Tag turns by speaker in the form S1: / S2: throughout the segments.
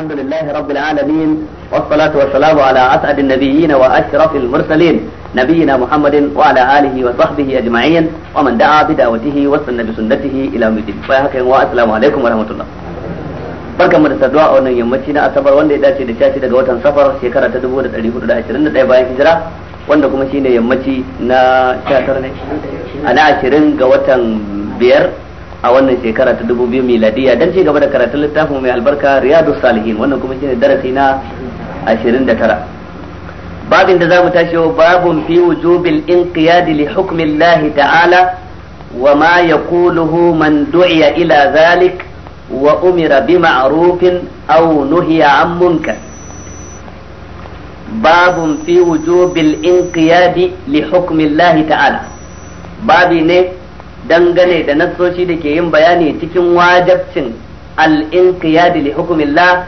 S1: الحمد لله رب العالمين والصلاة والسلام على أسعد النبيين وأشرف المرسلين نبينا محمد وعلى آله وصحبه أجمعين ومن دعا بدعوته وسن بسنته إلى مدين فيهكين والسلام عليكم ورحمة الله barkan mu da saduwa a wannan yammaci na asabar wanda ya dace da shashi daga watan safar shekara ta 1421 bayan hijira wanda kuma shine yammaci na 19 a na 20 ga watan biyar a wannan shekara ta dubu biyu miladiya don ci gaba da karatun littafin mai albarka riyadu salihin wannan kuma shine darasi na ashirin da tara babin da za mu tashi yau babun fi wujubil inqiyadi li hukmillahi ta'ala wa ma yaquluhu man du'iya ila zalik wa umira bi ma'rufin aw nuhiya an munkar babun fi wujubil inqiyadi li hukmillahi ta'ala babi ne dangane da nassoci da ke yin bayani cikin wajabcin al-inqiyadi li hukmillah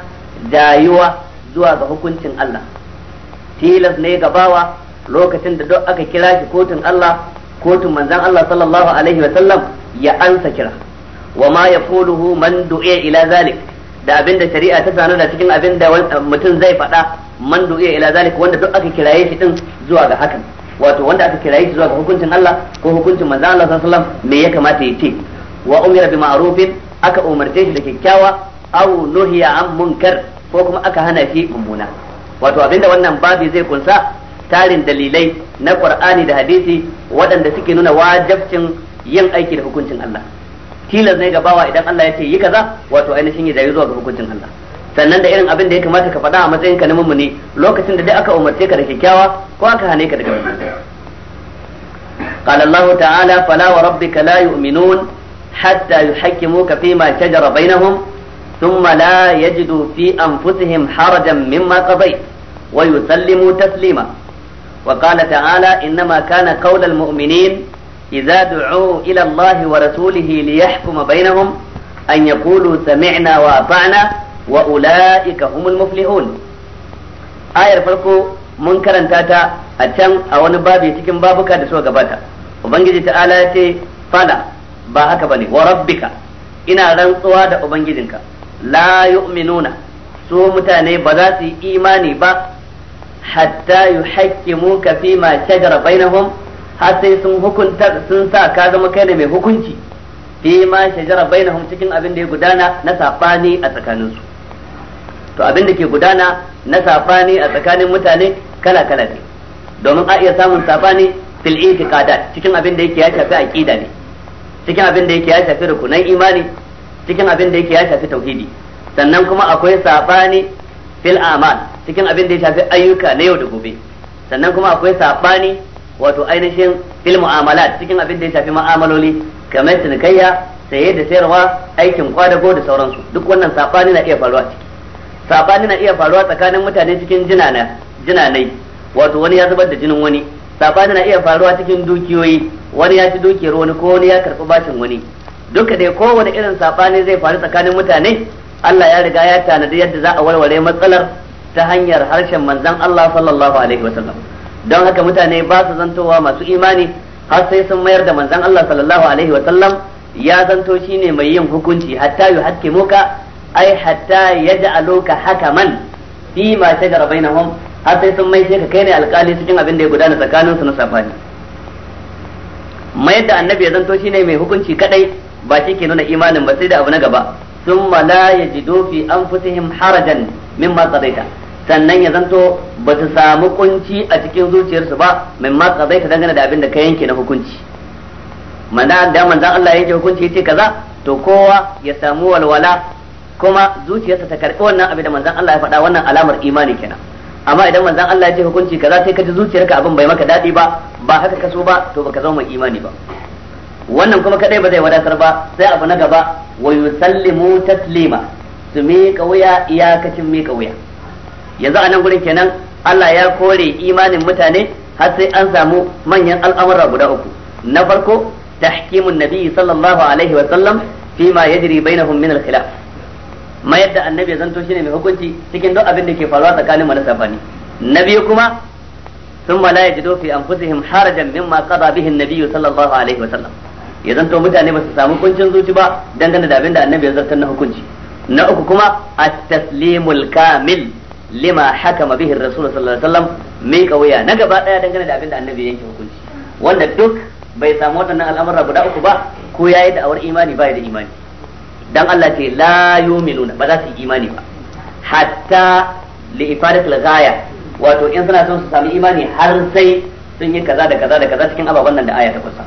S1: jayuwa zuwa ga hukuncin Allah tilas ne ga bawa lokacin da duk aka kira shi kotun Allah kotun manzan Allah sallallahu alaihi wa sallam ya ansa kira wa ma yaquluhu man du'e ila zalik da abin da shari'a ta sanar da cikin abin da mutum zai faɗa man du'e ila zalik wanda duk aka kiraye shi din zuwa ga hakan wato wanda aka kiraye shi zuwa ga hukuncin Allah ko hukuncin manzo Allah sallallahu alaihi wasallam me ya kamata ya ce wa umira bi ma'rufin aka umarce shi da kyakkyawa aw nuhiya an munkar ko kuma aka hana shi mummuna wato abinda wannan babu zai kunsa tarin dalilai na Qur'ani da hadisi waɗanda suke nuna wajibcin yin aiki da hukuncin Allah tilas ne ga bawa idan Allah ya ce yi kaza wato ainihin ya jayi zuwa ga hukuncin Allah sannan da irin abin da ya kamata ka faɗa a matsayin ka na mummuni lokacin da dai aka umarce ka da kyakkyawa ko aka hane ka daga قال الله تعالى فلا وربك لا يؤمنون حتى يحكموك فيما شجر بينهم ثم لا يجدوا في أنفسهم حرجا مما قضيت ويسلموا تسليما وقال تعالى إنما كان قول المؤمنين إذا دعوا إلى الله ورسوله ليحكم بينهم أن يقولوا سمعنا وأطعنا wa ulaika humul muflihun ayar farko mun karanta ta a can a wani ya cikin babuka da suka gabata ubangiji ta'ala ya ce fala ba haka bane wa rabbika ina rantsuwa da ubangijinka la yu'minuna su mutane ba za su yi imani ba hatta ka fi ma shajara bainahum har sai sun hukunta sun sa ka zama kai ne mai hukunci fi ma shajara bainahum cikin abin da ya gudana na safani a tsakaninsu to abin da ke gudana na safani a tsakanin mutane kala kala ne domin a iya samun safani fil i'tiqadat cikin abin da yake ya shafi aqida ne cikin abin da yake ya shafi rukunan imani cikin abin da yake ya shafi tauhidi sannan kuma akwai safani fil amal cikin abin da ya shafi ayyuka na yau da gobe sannan kuma akwai safani wato ainihin fil mu'amalat cikin abin da ya shafi mu'amaloli kamar sinikayya saye da sayarwa aikin kwadago da sauransu duk wannan safani na iya faruwa ciki sabani na iya faruwa tsakanin mutane cikin jinana jinanai wato wani ya zubar da jinin wani sabani na iya faruwa cikin dukiyoyi wani ya ci dukiyar wani ko wani ya karɓi bashin wani duka dai kowane irin sabani zai faru tsakanin mutane Allah ya riga ya tanadi yadda za a warware matsalar ta hanyar harshen manzon Allah sallallahu alaihi wasallam don haka mutane ba su zantowa masu imani har sai sun mayar da manzon Allah sallallahu alaihi wasallam ya zanto shine mai yin hukunci hatta muka. ai hatta yaj'aluka hakaman fi ma tajara bainahum har sai sun mai ka kai ne alkali cikin abin da ya gudana tsakanin su na safani mayar da annabi ya zanto shine mai hukunci kadai ba shi ke nuna imanin ba sai da abu na gaba thumma la yajidu fi anfusihim harajan mimma qadaita sannan ya zanto ba su samu kunci a cikin zuciyarsu ba mimma qadaita dangane da abin da ka yanke na hukunci mana da manzan Allah yake hukunci yace kaza to kowa ya samu walwala kuma zuciyarsa ta karɓi wannan abin da manzon Allah ya faɗa wannan alamar imani kenan amma idan manzon Allah ya ce hukunci kaza sai ka ji zuciyarka abin bai maka daɗi ba ba haka ka so ba to baka zama mai imani ba wannan kuma kadai ba zai wadatar ba sai abu na gaba wa yusallimu taslima su miƙa wuya iyakacin miƙa wuya yanzu a nan gurin kenan Allah ya kore imanin mutane har sai an samu manyan al'amura guda uku na farko tahkimun nabiyyi sallallahu alaihi wa sallam fima yajri bainahum min al-khilaf mayar da annabi zanto shine mai hukunci cikin duk abin da ke faruwa tsakanin marasa bani na biyu kuma ثم la yajidu fi anfusihim harajan mimma qada bihi النبي sallallahu alaihi عليه وسلم ya zanto mutane ba su samu kuncin zuci ba dangane da abin da annabi ya zartar na hukunci na uku kuma at-taslimul kamil lima hakama bihi rasul sallallahu alaihi wasallam mai kawaya na gaba daya dangane da abin da annabi yake hukunci wanda duk bai samu wannan al'amura guda uku ba ko yayi da awar imani bai da imani dan Allah ce la yu'minuna ba za su yi imani ba hatta li ifadat ghaya wato in suna son su sami imani har sai sun yi kaza da kaza da kaza cikin ababen nan da aya ta kusa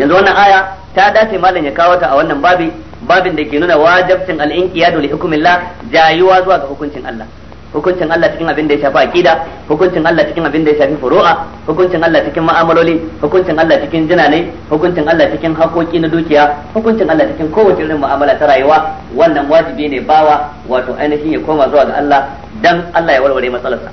S1: yanzu wannan aya ta dace malam ya kawo ta a wannan babi babin da ke nuna wajibcin al-inqiyadu li hukmillah jayuwa zuwa ga hukuncin Allah hukuncin Allah cikin abin da ya shafi aqida hukuncin Allah cikin abin da ya shafi furu'a hukuncin Allah cikin ma'amaloli hukuncin Allah cikin jinanai hukuncin Allah cikin hakoki na dukiya hukuncin Allah cikin kowace irin mu'amala ta rayuwa wannan wajibi ne bawa wato ainihin ya koma zuwa ga Allah dan Allah ya warware matsalarsa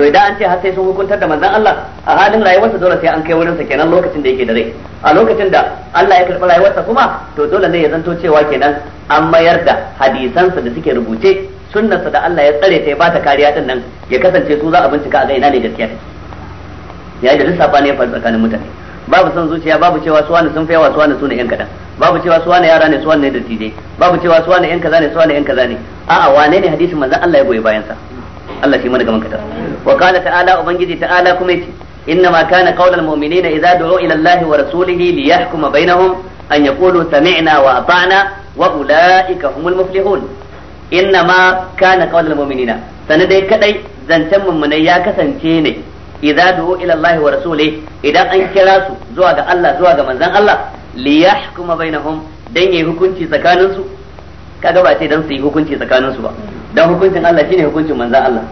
S1: to idan an ce har sai sun hukuntar da manzon Allah a halin rayuwarsa dole sai an kai wurinsa kenan lokacin da yake da rai a lokacin da Allah ya karɓi rayuwarsa kuma to dole ne ya zanto cewa kenan an mayar da hadisansa da suke rubuce sunnarsa da Allah ya tsare ta ya bata kariya din nan ya kasance su za a bincika a ga ina ne gaskiya take yayin da lissafa ne ya faru tsakanin mutane babu son zuciya babu cewa su wani sun fi yawa su wani sune yan kadan babu cewa su wani yara ne su wani ne dattijai babu cewa su wani yan kaza ne su wani yan kaza ne a'a wane ne hadisin manzon Allah ya goyi bayan sa Allah shi mana gaban ka wa qala ta'ala ubangiji ta'ala kuma yace idza du'u ila Allahi wa rasulihi li yahkuma bainahum an yaqulu sami'na wa ata'na wa وأولئك humul muflihun inna ma kana qaulul mu'minina sanan dai kadai zancen mummunai ya kasance ne idza du'u ila allahi wa rasuli idan an kira su zuwa ga Allah zuwa ga manzon Allah li yahkuma bainahum dan yayi hukunci tsakanin su kaga ba sai dan su yi hukunci tsakanin su ba dan hukuncin Allah shine hukuncin manzon Allah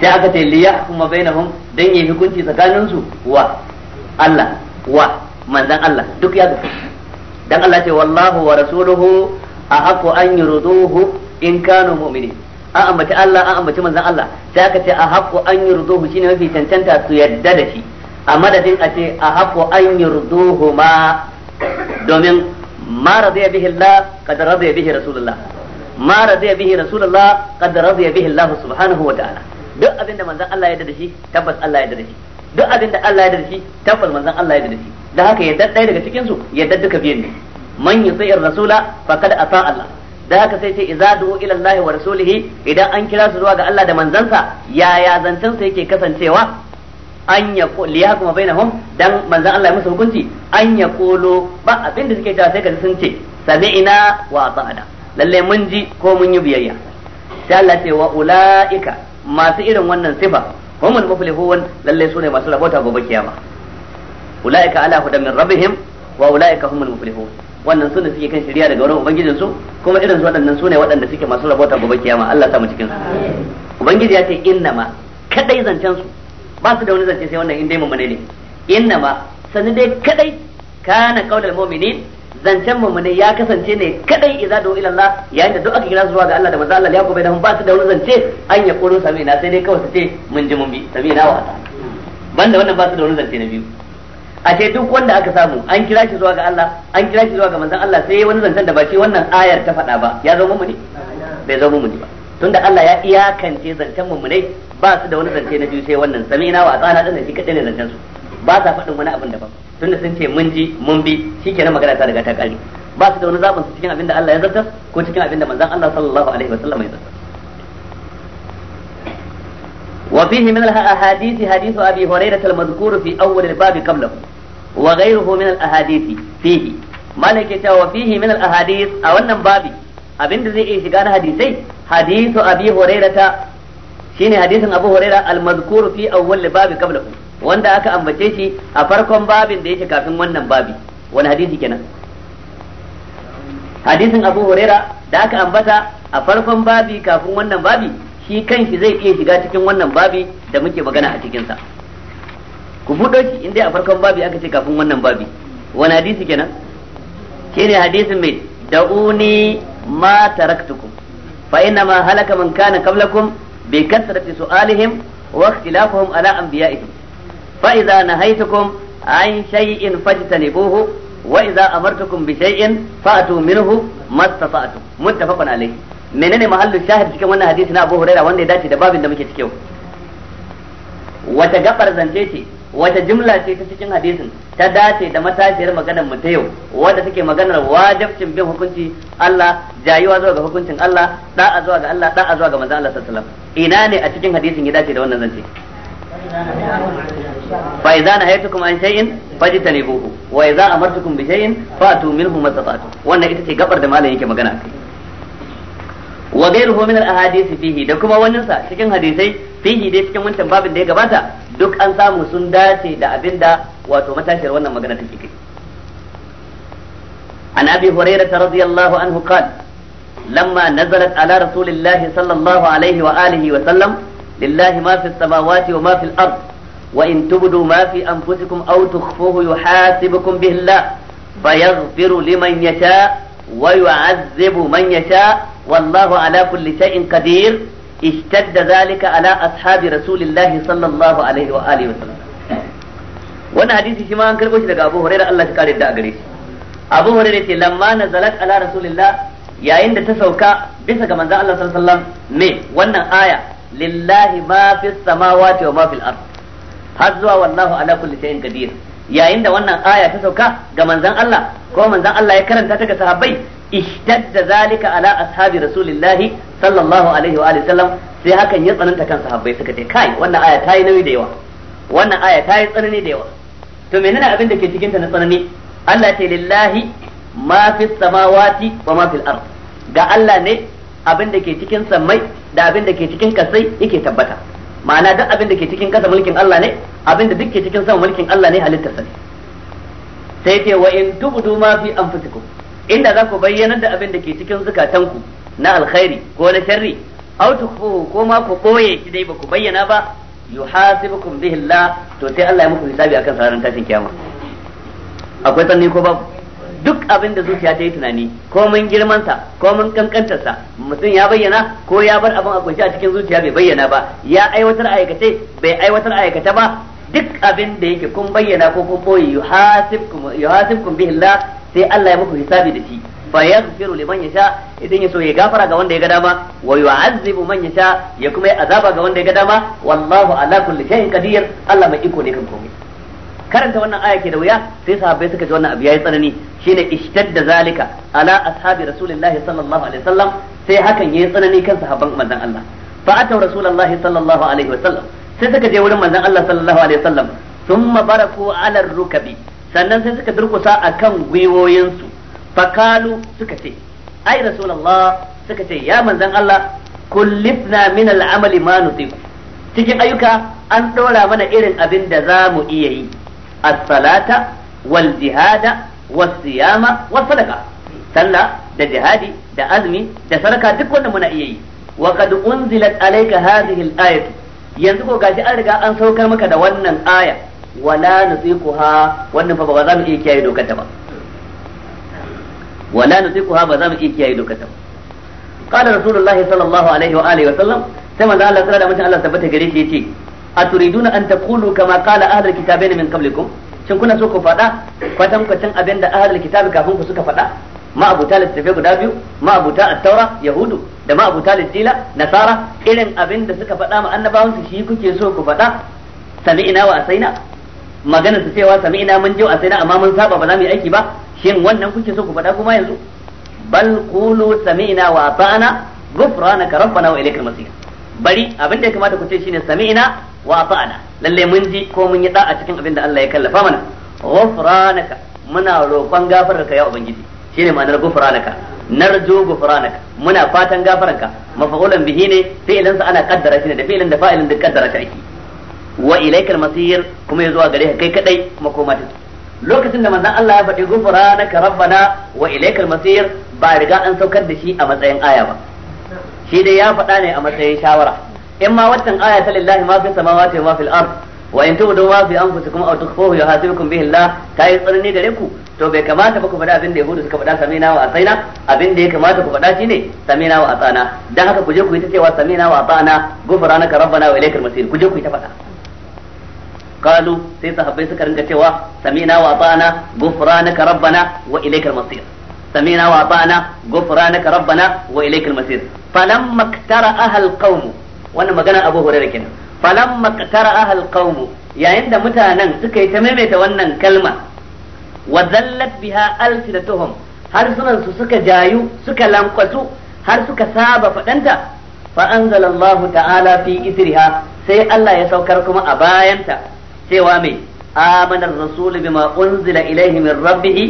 S1: sai aka ce li yahkuma bainahum dan yayi hukunci tsakanin su wa Allah wa manzon Allah duk ya ga dan Allah ce wallahu wa rasuluhu a haku an yurduhu in kanu mu'minin an ambaci Allah an ambaci manzon Allah sai aka ce a haqqu an yurduhu shine mafi cancanta su yadda da shi a madadin a ce a haqqu an yurduhu ma domin ma radiya bihi Allah kad radiya bihi rasulullah ma radiya bihi rasulullah kad radiya bihi Allah subhanahu wa ta'ala duk abin da manzon Allah ya yarda da shi tabbas Allah ya yarda da shi duk abinda Allah ya yarda da shi tabbas manzon Allah ya yarda da shi dan haka yadda ɗaya daga cikin su yadda duka biyan ne man yusi'ir rasula faqad ata Allah da haka sai ce idza du'u ila Allah wa rasulihi idan an kira su zuwa ga Allah da manzansa yaya zancen sa yake kasancewa an ya li hakuma bainahum dan manzan Allah ya musu hukunci an ya kolo ba abin da suke cewa sai ka sun ce sami'na wa ata'na lalle mun ji ko mun yi biyayya sai Allah ce wa ulaika masu irin wannan sifa humul muflihun lalle sune masu rabota gobe kiyama ulaika ala hudamin min rabbihim wa ulaika humul muflihun wannan sune suke kan shari'a daga wurin ubangijin su kuma irin su waɗannan sune waɗanda suke masu rabota gobe kiyama Allah ta mu cikin su ubangiji ya ce innama kadai zancen su ba su da wani zance sai wannan in dai mummune ne innama sanu dai kadai kana qaulal mu'minin zancen mummune ya kasance ne kadai idza do ila Allah yayin da duk aka kira zuwa ga Allah da manzo Allah ya gobe da ba su da wani zance an ya koro sami na sai dai kawai su ce mun ji mun bi sami na wa ta banda wannan ba su da wani zance na biyu a ce duk wanda aka samu an kira shi zuwa ga Allah an kira shi zuwa ga manzon Allah sai wani zancen da ba shi wannan ayar ta faɗa ba ya zama mumuni bai zama mumuni ba tunda Allah ya iyakance zancen mumunai ba su da wani zance na biyu sai wannan sami'na wa atana din shi kadai ne zancen su ba sa faɗin wani abin daban tunda sun ce mun ji mun bi shikenan magana ta daga ta kare ba su da wani zaɓin su cikin abin da Allah ya zartar ko cikin abin da manzon Allah sallallahu alaihi wa sallam ya zartar وفيه من الأحاديث حديث أبي هريرة المذكور في أول الباب قبله wa ghayruhu min al fihi malaka ta wa fihi min al a wannan babi abinda zai iya shiga na hadisai hadithu abi hurairata shine hadisin abu huraira al babi wanda aka ambace shi a farkon babin da yake kafin wannan babi wani hadisi kenan hadisin abu huraira da aka ambata a farkon babi kafin wannan babi shi kanshi zai iya shiga cikin wannan babi da muke magana a cikinsa. sa ku buɗo shi inda a farkon babi aka ce kafin wannan babi wani hadisi kenan shine hadisin mai da'uni ma taraktukum fa inna ma halaka man kana qablakum bi kasrati su'alihim wa ikhtilafihim ala anbiya'ihim fa idza nahaytukum an shay'in fajtanibuhu wa idza amartukum bi shay'in fa'tu minhu mastata'tum muttafaqun alayhi menene mahallu shahid cikin wannan hadisi na Abu Hurairah wanda ya dace da babin da muke cikin wata gabar zance ce wata jumla ce ta cikin hadisin ta dace da matashiyar maganar mu ta yau wadda take maganar wajibcin bin hukunci Allah jayuwa zuwa ga hukuncin Allah a zuwa ga Allah a zuwa ga manzon Allah sallallahu alaihi wasallam ina ne a cikin hadisin ya dace da wannan zance fa idza nahaytukum an shay'in fajtanibuhu wa idza amartukum bi shay'in fatu minhu mastata'tum wannan ita ce gabar da malam yake magana kai wa ghayruhu min al-ahadith fihi da kuma wannan sa cikin hadisai fihi dai cikin wancan babin da ya gabata duk an samu sun dace da abinda wato matashiyar wannan magana take kai an abi hurairah radiyallahu anhu qala lamma nazalat ala rasulillahi sallallahu alaihi wa alihi wa sallam lillahi ma fi samawati wa ma fi al-ard wa in tubdu ma fi anfusikum aw tukhfuhu yuhasibukum bihi Allah fayaghfiru liman yasha wa yu'azzibu man yasha wallahu ala kulli shay'in qadir da zalika ala ashabi rasulillahi sallallahu alaihi wa alihi wannan hadisi shi ma an karbo shi daga Abu Hurairah Allah ya kare da gare shi Abu Hurairah ce lamma nazalat ala rasulillah yayin da ta sauka bisa ga manzon Allah sallallahu alaihi wa sallam wannan aya lillahi ma fis samawati wa ma fil ard har zuwa wallahu ala kulli shay'in qadir yayin da wannan aya ta sauka ga manzon Allah ko manzon Allah ya karanta ta ga sahabbai ishtadda zalika ala ashabi rasulillahi sallallahu alaihi wa sallam sai hakan ya tsananta kan sahabbai suka ce kai wannan aya ta nauyi da yawa wannan aya tayi tsanani da yawa to menene abin da ke cikin ta na tsanani Allah ce lillahi ma fi samawati wa ma fil ard ga Allah ne abin da ke cikin sammai da abin da ke cikin kasai yake tabbata ma'ana duk abin da ke cikin kasa mulkin Allah ne abin da duk ke cikin sama mulkin Allah ne halitta ne sai ce wa in tubdu ma fi anfusikum inda za ku bayyanar da abin da ke cikin zukatanku na alkhairi ko na sharri aw tukhfuhu ko ma ku koye shi dai ba ku bayyana ba yuhasibukum bihi Allah to sai Allah ya muku hisabi akan sararin tashin kiyama akwai tsanni ko babu duk abin da zuciya ta yi tunani ko mun girman sa ko mun kankantar sa mutum ya bayyana ko ya bar abin a kunshi a cikin zuciya bai bayyana ba ya aiwatar aikace bai aiwatar aikata ba duk abin da yake kun bayyana ko kun boye yuhasibkum yuhasibkum bihi Allah sai Allah ya muku hisabi da shi fa yaghfiru liman yasha idan yaso ya gafara ga wanda ya ga dama wa yu'azzibu man yasha ya kuma ya azaba ga wanda ya ga dama wallahu ala kulli shay'in qadir Allah mai iko ne kan komai karanta wannan aya ke da wuya sai sahabbai suka ji wannan abu yayi tsanani shine ishtadda zalika ala ashabi rasulillahi sallallahu alaihi wasallam sai hakan yayi tsanani kan sahabban manzon Allah fa atau rasulullahi sallallahu alaihi wasallam sai suka je wurin manzon Allah sallallahu alaihi wasallam thumma baraku ala rukabi sannan sai suka durkusa kan gwiwoyinsu fakalu suka ce ai Rasulallah suka ce ya manzan Allah kullifna min al'amali ma nutiku cikin ayyuka an ɗora mana irin abin da za mu iya yi as-salata wal jihada was siyama was sadaqa sallah da jihadi da azumi da sadaka duk wanda muna iya yi wa qad unzilat alayka hadhihi al-ayatu yanzu ko gashi an riga an saukar maka da wannan aya wala nutiquha wannan fa ba za mu iya kiyaye dokar ta ba wala nutiquha ba za mu iya kiyaye dokar ta ba qala rasulullahi sallallahu alaihi wa alihi wa sallam sai manzo Allah sallallahu alaihi wa sallam tabbata gare shi yace aturiduna an taqulu kama qala ahlul kitabain min qablikum shin kuna so ku faɗa kwatan kwatan abin da ahlul kitabi kafin ku suka faɗa ma abuta guda biyu ma abuta at-taura yahudu da ma abuta nasara irin abin da suka faɗa ma annabawansu shi kuke so ku faɗa sami'ina wa asaina magana su cewa ina mun jiwa sai na amma mun saba ba za mu yi aiki ba shin wannan kuke so ku faɗa kuma yanzu bal qulu ina wa gufrana ka rabbana wa ilaikal masir bari abin da ya kamata ku ce shine ina wa ata'na lalle mun ji ko mun yi da'a cikin abin da Allah ya kallafa mana ka muna roƙon gafararka ya ubangiji shine ma'anar ghufranaka narju ka muna fatan gafaranka mafa'ulan bihi ne fi'ilan ana kaddara shi ne da fi'ilin da fa'ilin da kaddara shi ake wa ilaikal masir kuma ya a gare ka kai kadai kuma koma ta lokacin da manzon Allah ya faɗi ghufranaka rabbana wa ilaikal masir ba riga an saukar da shi a matsayin aya ba shi dai ya faɗa ne a matsayin shawara in ma watan aya ta lillahi ma fi samawati wa ma fil ard wa in tubdu ma fi anfusikum aw tukhfuhu yuhasibukum bihi Allah ta yi tsanani gare ku to bai kamata ba ku faɗa abin da yahudu suka faɗa samina wa asaina abin da ya kamata ku faɗa shine samina wa asana dan haka ku je ku yi ta cewa samina wa asana gufranaka rabbana wa ilaikal masir ku je ku yi ta faɗa qalu sai sahabbai suka rinka cewa sami'na wa ata'na ghufranaka rabbana wa ilaykal masir sami'na wa ata'na ghufranaka rabbana wa ilaykal masir falamma iktara'aha alqawm wannan magana Abu Hurairah kenan falamma iktara'aha alqawm yayin da mutanen suka yi ta maimaita wannan kalma wa zallat da tuhum, har sunan suka jayu suka lankwasu har suka saba faɗanta, fa ta'ala isriha sai Allah ya saukar kuma a bayanta cewa mai amana rasulu rasul bima unzila ilayhi min rabbihi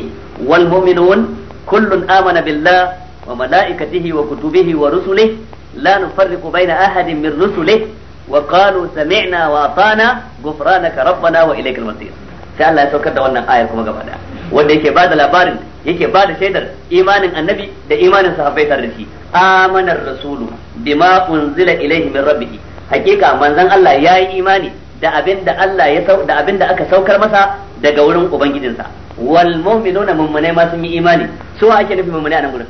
S1: wal mu'minun kullun amana billah wa malaikatihi wa kutubihi wa rusulihi la nufarriqu baina ahadin min rusulihi wa qalu sami'na wa atana ghufranaka rabbana wa ilaykal masir sai Allah ya saukar da wannan ayar kuma gaba daya wanda yake bada labarin yake bada shaidar imanin annabi da imanin sahabbai tare da shi amanar rasulu bima unzila ilayhi min rabbih hakika manzon Allah yayi imani da abin da Allah ya da abin da aka saukar masa daga wurin ubangijinsa wal mu'minuna mummunai ma sun yi imani su wa ake nufi mummunai a nan gurin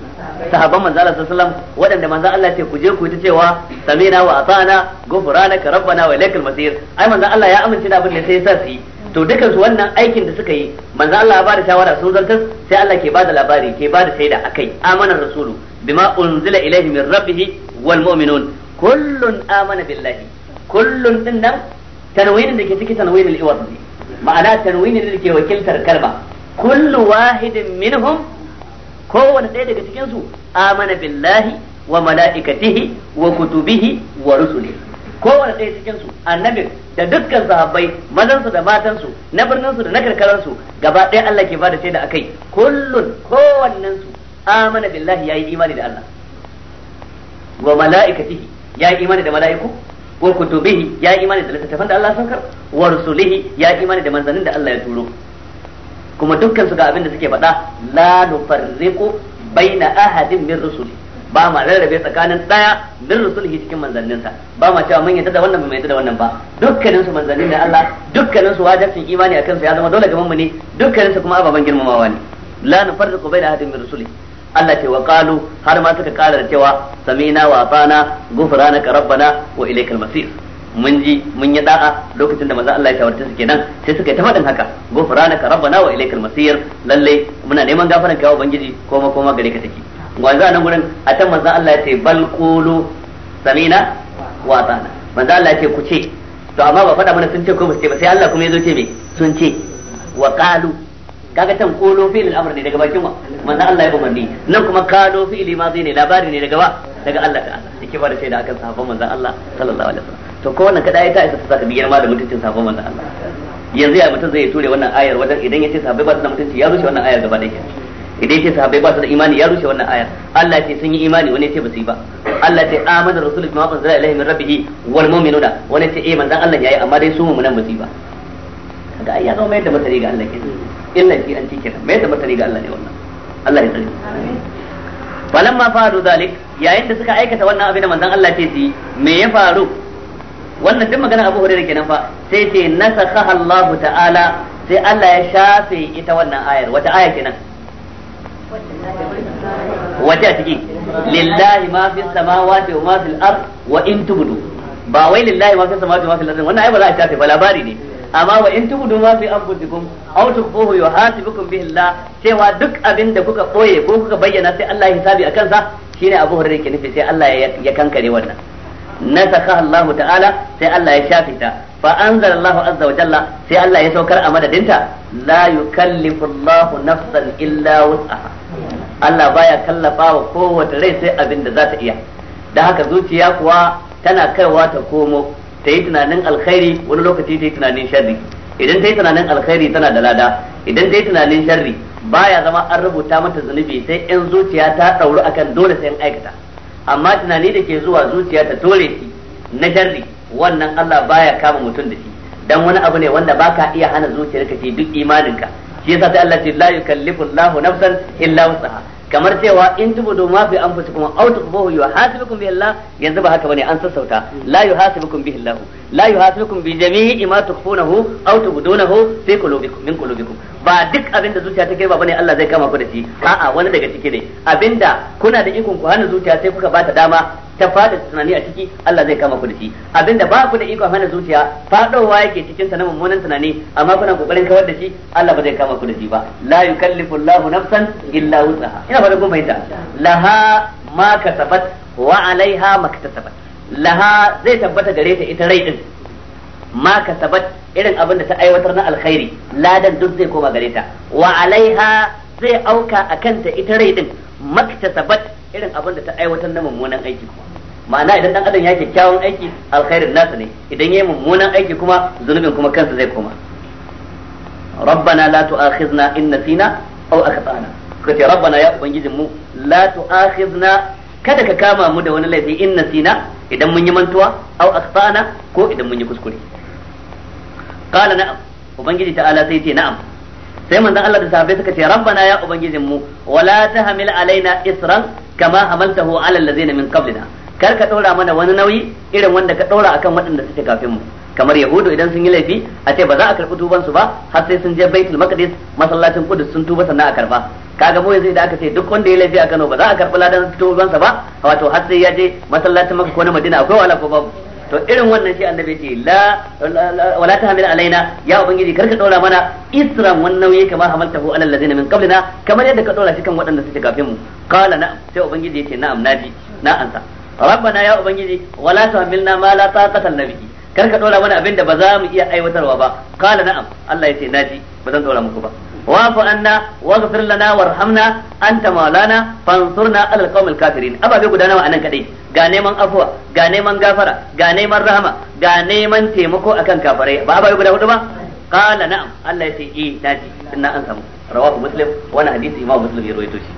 S1: sahabban manzo Allah sallallahu alaihi wasallam waɗanda manzo Allah ce ku je ku ta cewa samina wa atana ghufranaka rabbana wa ilaikal masir ai manzo Allah ya amince da abin da sai ya sa su yi to dukansu su wannan aikin da suka yi manzo Allah ya bada shawara sun zartar sai Allah ke bada labari ke bada shaida akai amanar rasulu bima unzila ilaihi min rabbih wal mu'minun kullun amana billahi kullun din nan tanwinin da ke ciki tanwinin al-iwad ne ma'ana tanwinin da ke wakiltar kalma kullu wahidin minhum kowane ɗaya daga cikin su amana billahi wa mala'ikatihi wa kutubihi wa rusulihi kowane ɗaya cikin su annabin da dukkan sahabbai mazansu da matansu na birninsu da na karkaransu gaba ɗaya Allah ke bada shaida akai kullun kowannen su amana billahi yayi imani da Allah wa mala'ikatihi yayi imani da mala'iku wa kutubihi ya imani da littattafan da Allah saukar wa rusulihi ya imani da manzannin da Allah ya turo kuma dukkan su ga abin da suke faɗa la nufarriqu baina ahadin min rusuli ba ma rarrabe tsakanin daya min rusulihi cikin sa ba ma cewa mun yadda da wannan mai da wannan ba dukkanin su manzannin da Allah dukkanin su wajibin imani akan su ya zama dole ga mu ne dukkanin su kuma ababan girmamawa ne la nufarriqu baina ahadin min rusuli Allah ce wa qalu har ma suka kara da cewa samina wa atana ghufranaka rabbana wa ilaikal masir mun ji mun yi da'a lokacin da maza Allah ya shawarta su kenan sai suka yi ta faɗin haka ghufranaka rabbana wa ilaikal masir lalle muna neman gafaran kai ubangiji koma koma gare ka take wanzu nan gurin a can manzo Allah ya ce bal qulu samina wa atana manzo Allah ya ce ku ce to amma ba faɗa mana sun ce ko ba ba sai Allah kuma ya zo ce me sun ce wa qalu kaga can kolo fi al ne daga bakin wa Allah ya umarni nan kuma fi li ma zai ne labari ne daga ba daga Allah ta'ala yake ba da shaida akan sahabban manzo Allah sallallahu alaihi wasallam to ko wannan kada ta isa ta saka ma da mutuncin sahabban manzo Allah yanzu ya mutun zai ture wannan ayar wajen idan ya ce sahabbai ba su da mutunci ya rushe wannan ayar gaba da kenan idan ce sahabbai ba su da imani ya rushe wannan ayar Allah ce sun yi imani wani ce ba su yi ba Allah ce amana rasulul bima anzala ilaihi min rabbih wal mu'minuna wani ce eh manzo Allah yayi amma dai su mu'minan ba su yi ba ga ai mai da masari ga Allah kenan illa shi an cike mai da martani ga Allah ne wannan Allah ya tsare ma faru zalik yayin da suka aikata wannan abin da manzon Allah ce su me ya faru wannan duk magana Abu Hurairah kenan fa sai ce nasakha Allah ta'ala sai Allah ya shafe ita wannan ayar wata aya kenan wace a ciki lillahi ma fi samawati wa ma fil ard wa in tubdu ba wai lillahi ma fi samawati wa ma fil ard wannan ayar ba za a shafe ba labari ne amma wa in tubudu ma fi anfusikum aw tukhfuhu yuhasibukum bihi Allah cewa duk abin da kuka boye ko kuka bayyana sai Allah ya hisabi akan sa shine Abu Hurairah ke nufi sai Allah ya kankare wannan nasakha Allah ta'ala sai Allah ya shafe ta fa anzala Allah azza wa jalla sai Allah ya saukar a madadinta la yukallifu Allah nafsan illa wus'aha Allah baya kallafa wa kowace rai sai abin da za ta iya da haka zuciya kuwa tana kaiwa ta komo ta yi tunanin alkhairi wani lokaci ta yi tunanin sharri idan ta yi tunanin alkhairi tana da lada idan ta yi tunanin sharri baya zama an rubuta mata zunubi sai 'yan zuciya ta ɗauru akan dole sai in aikata amma tunani da ke zuwa zuciya ta tore shi na sharri wannan Allah baya kama mutum da shi dan wani abu ne wanda baka iya hana zuciyarka ce duk imaninka shi yasa sai Allah ce la yukallifu Allahu nafsan illa wusaha kamar cewa in tubudu ma fi anfusikum aw tukhfuhu yuhasibukum bihi Allah yanzu ba haka bane an sassauta la yuhasibukum bihi Allah la yuhasibukum bi jami'i ma tukhfunahu aw tubdunahu zuciya ta girba bane Allah zai kama ku wani daga ciki ne abinda kuna da ikon ku zuciya sai kuka bata dama ta fada tunani a ciki Allah zai kama ku da shi da ikon hana zuciya fadowa yake cikin sa na mummunan tunani amma kuna kokarin kawar da shi Allah ba zai kama ku ba la yukallifu Allahu nafsan illa wus'aha ina laha zai tabbata gare ta ita rai din ma tabbat irin abin da ta aiwatar na alkhairi ladan duk zai koma gare ta wa alaiha zai auka akan ta ita rai din tabbat irin abin da ta aiwatar na mummunan aiki kuma ma'ana idan dan adam ya kyakkyawan aiki alkhairin nasa ne idan yayi mummunan aiki kuma zunubin kuma kansa zai koma rabbana la tu'akhizna in nasina aw akhtana kace rabbana ya ubangijinmu la tu'akhizna kada ka kama mu da wani laifi in sina idan mun yi mantuwa aw akhtana ko idan mun yi kuskure qala na'am ubangiji ta'ala sai ce na'am sai manzon Allah da sahabbai suka ce rabbana ya ubangijin mu wala tahmil alaina isran kama hamaltahu ala allazina min qablina kar ka dora mana wani nauyi irin wanda ka ɗaura akan waɗanda suke kafin mu kamar yahudu idan sun yi laifi a ce ba za a karɓi tubansu ba har sai sun je baitul maqdis masallacin qudus sun tuba sannan a karba kaga mu yanzu da aka ce duk wanda ya laifi a Kano ba za a karɓi ladan tubansa ba wato har sai ya je masallacin Makka ko na Madina akwai wala ko babu to irin wannan shi annabi ce la wala ta hamil alaina ya ubangiji kar ka dora mana isran wannan nauyi kamar hamaltahu alal ladina min qablina kamar yadda ka dora shi kan waɗanda suke kafin mu qala na'am sai ubangiji yace na'am naji na ansa rabbana ya ubangiji wala ta hamilna ma la taqata lana bihi kar ka dora mana abinda ba za mu iya aiwatarwa ba qala na'am Allah ya yace naji ba zan dora muku ba واعف عنا واغفر لنا وارحمنا انت مولانا فانصرنا على القوم الكافرين ابا bai gudana anan kadai ga neman afuwa ga neman gafara ga neman rahama ga neman taimako akan kafirai ba aba guda hudu ba qala na'am Allah ya ce eh daji inna an samu rawahu muslim wani hadisi imam muslim ya rawaito shi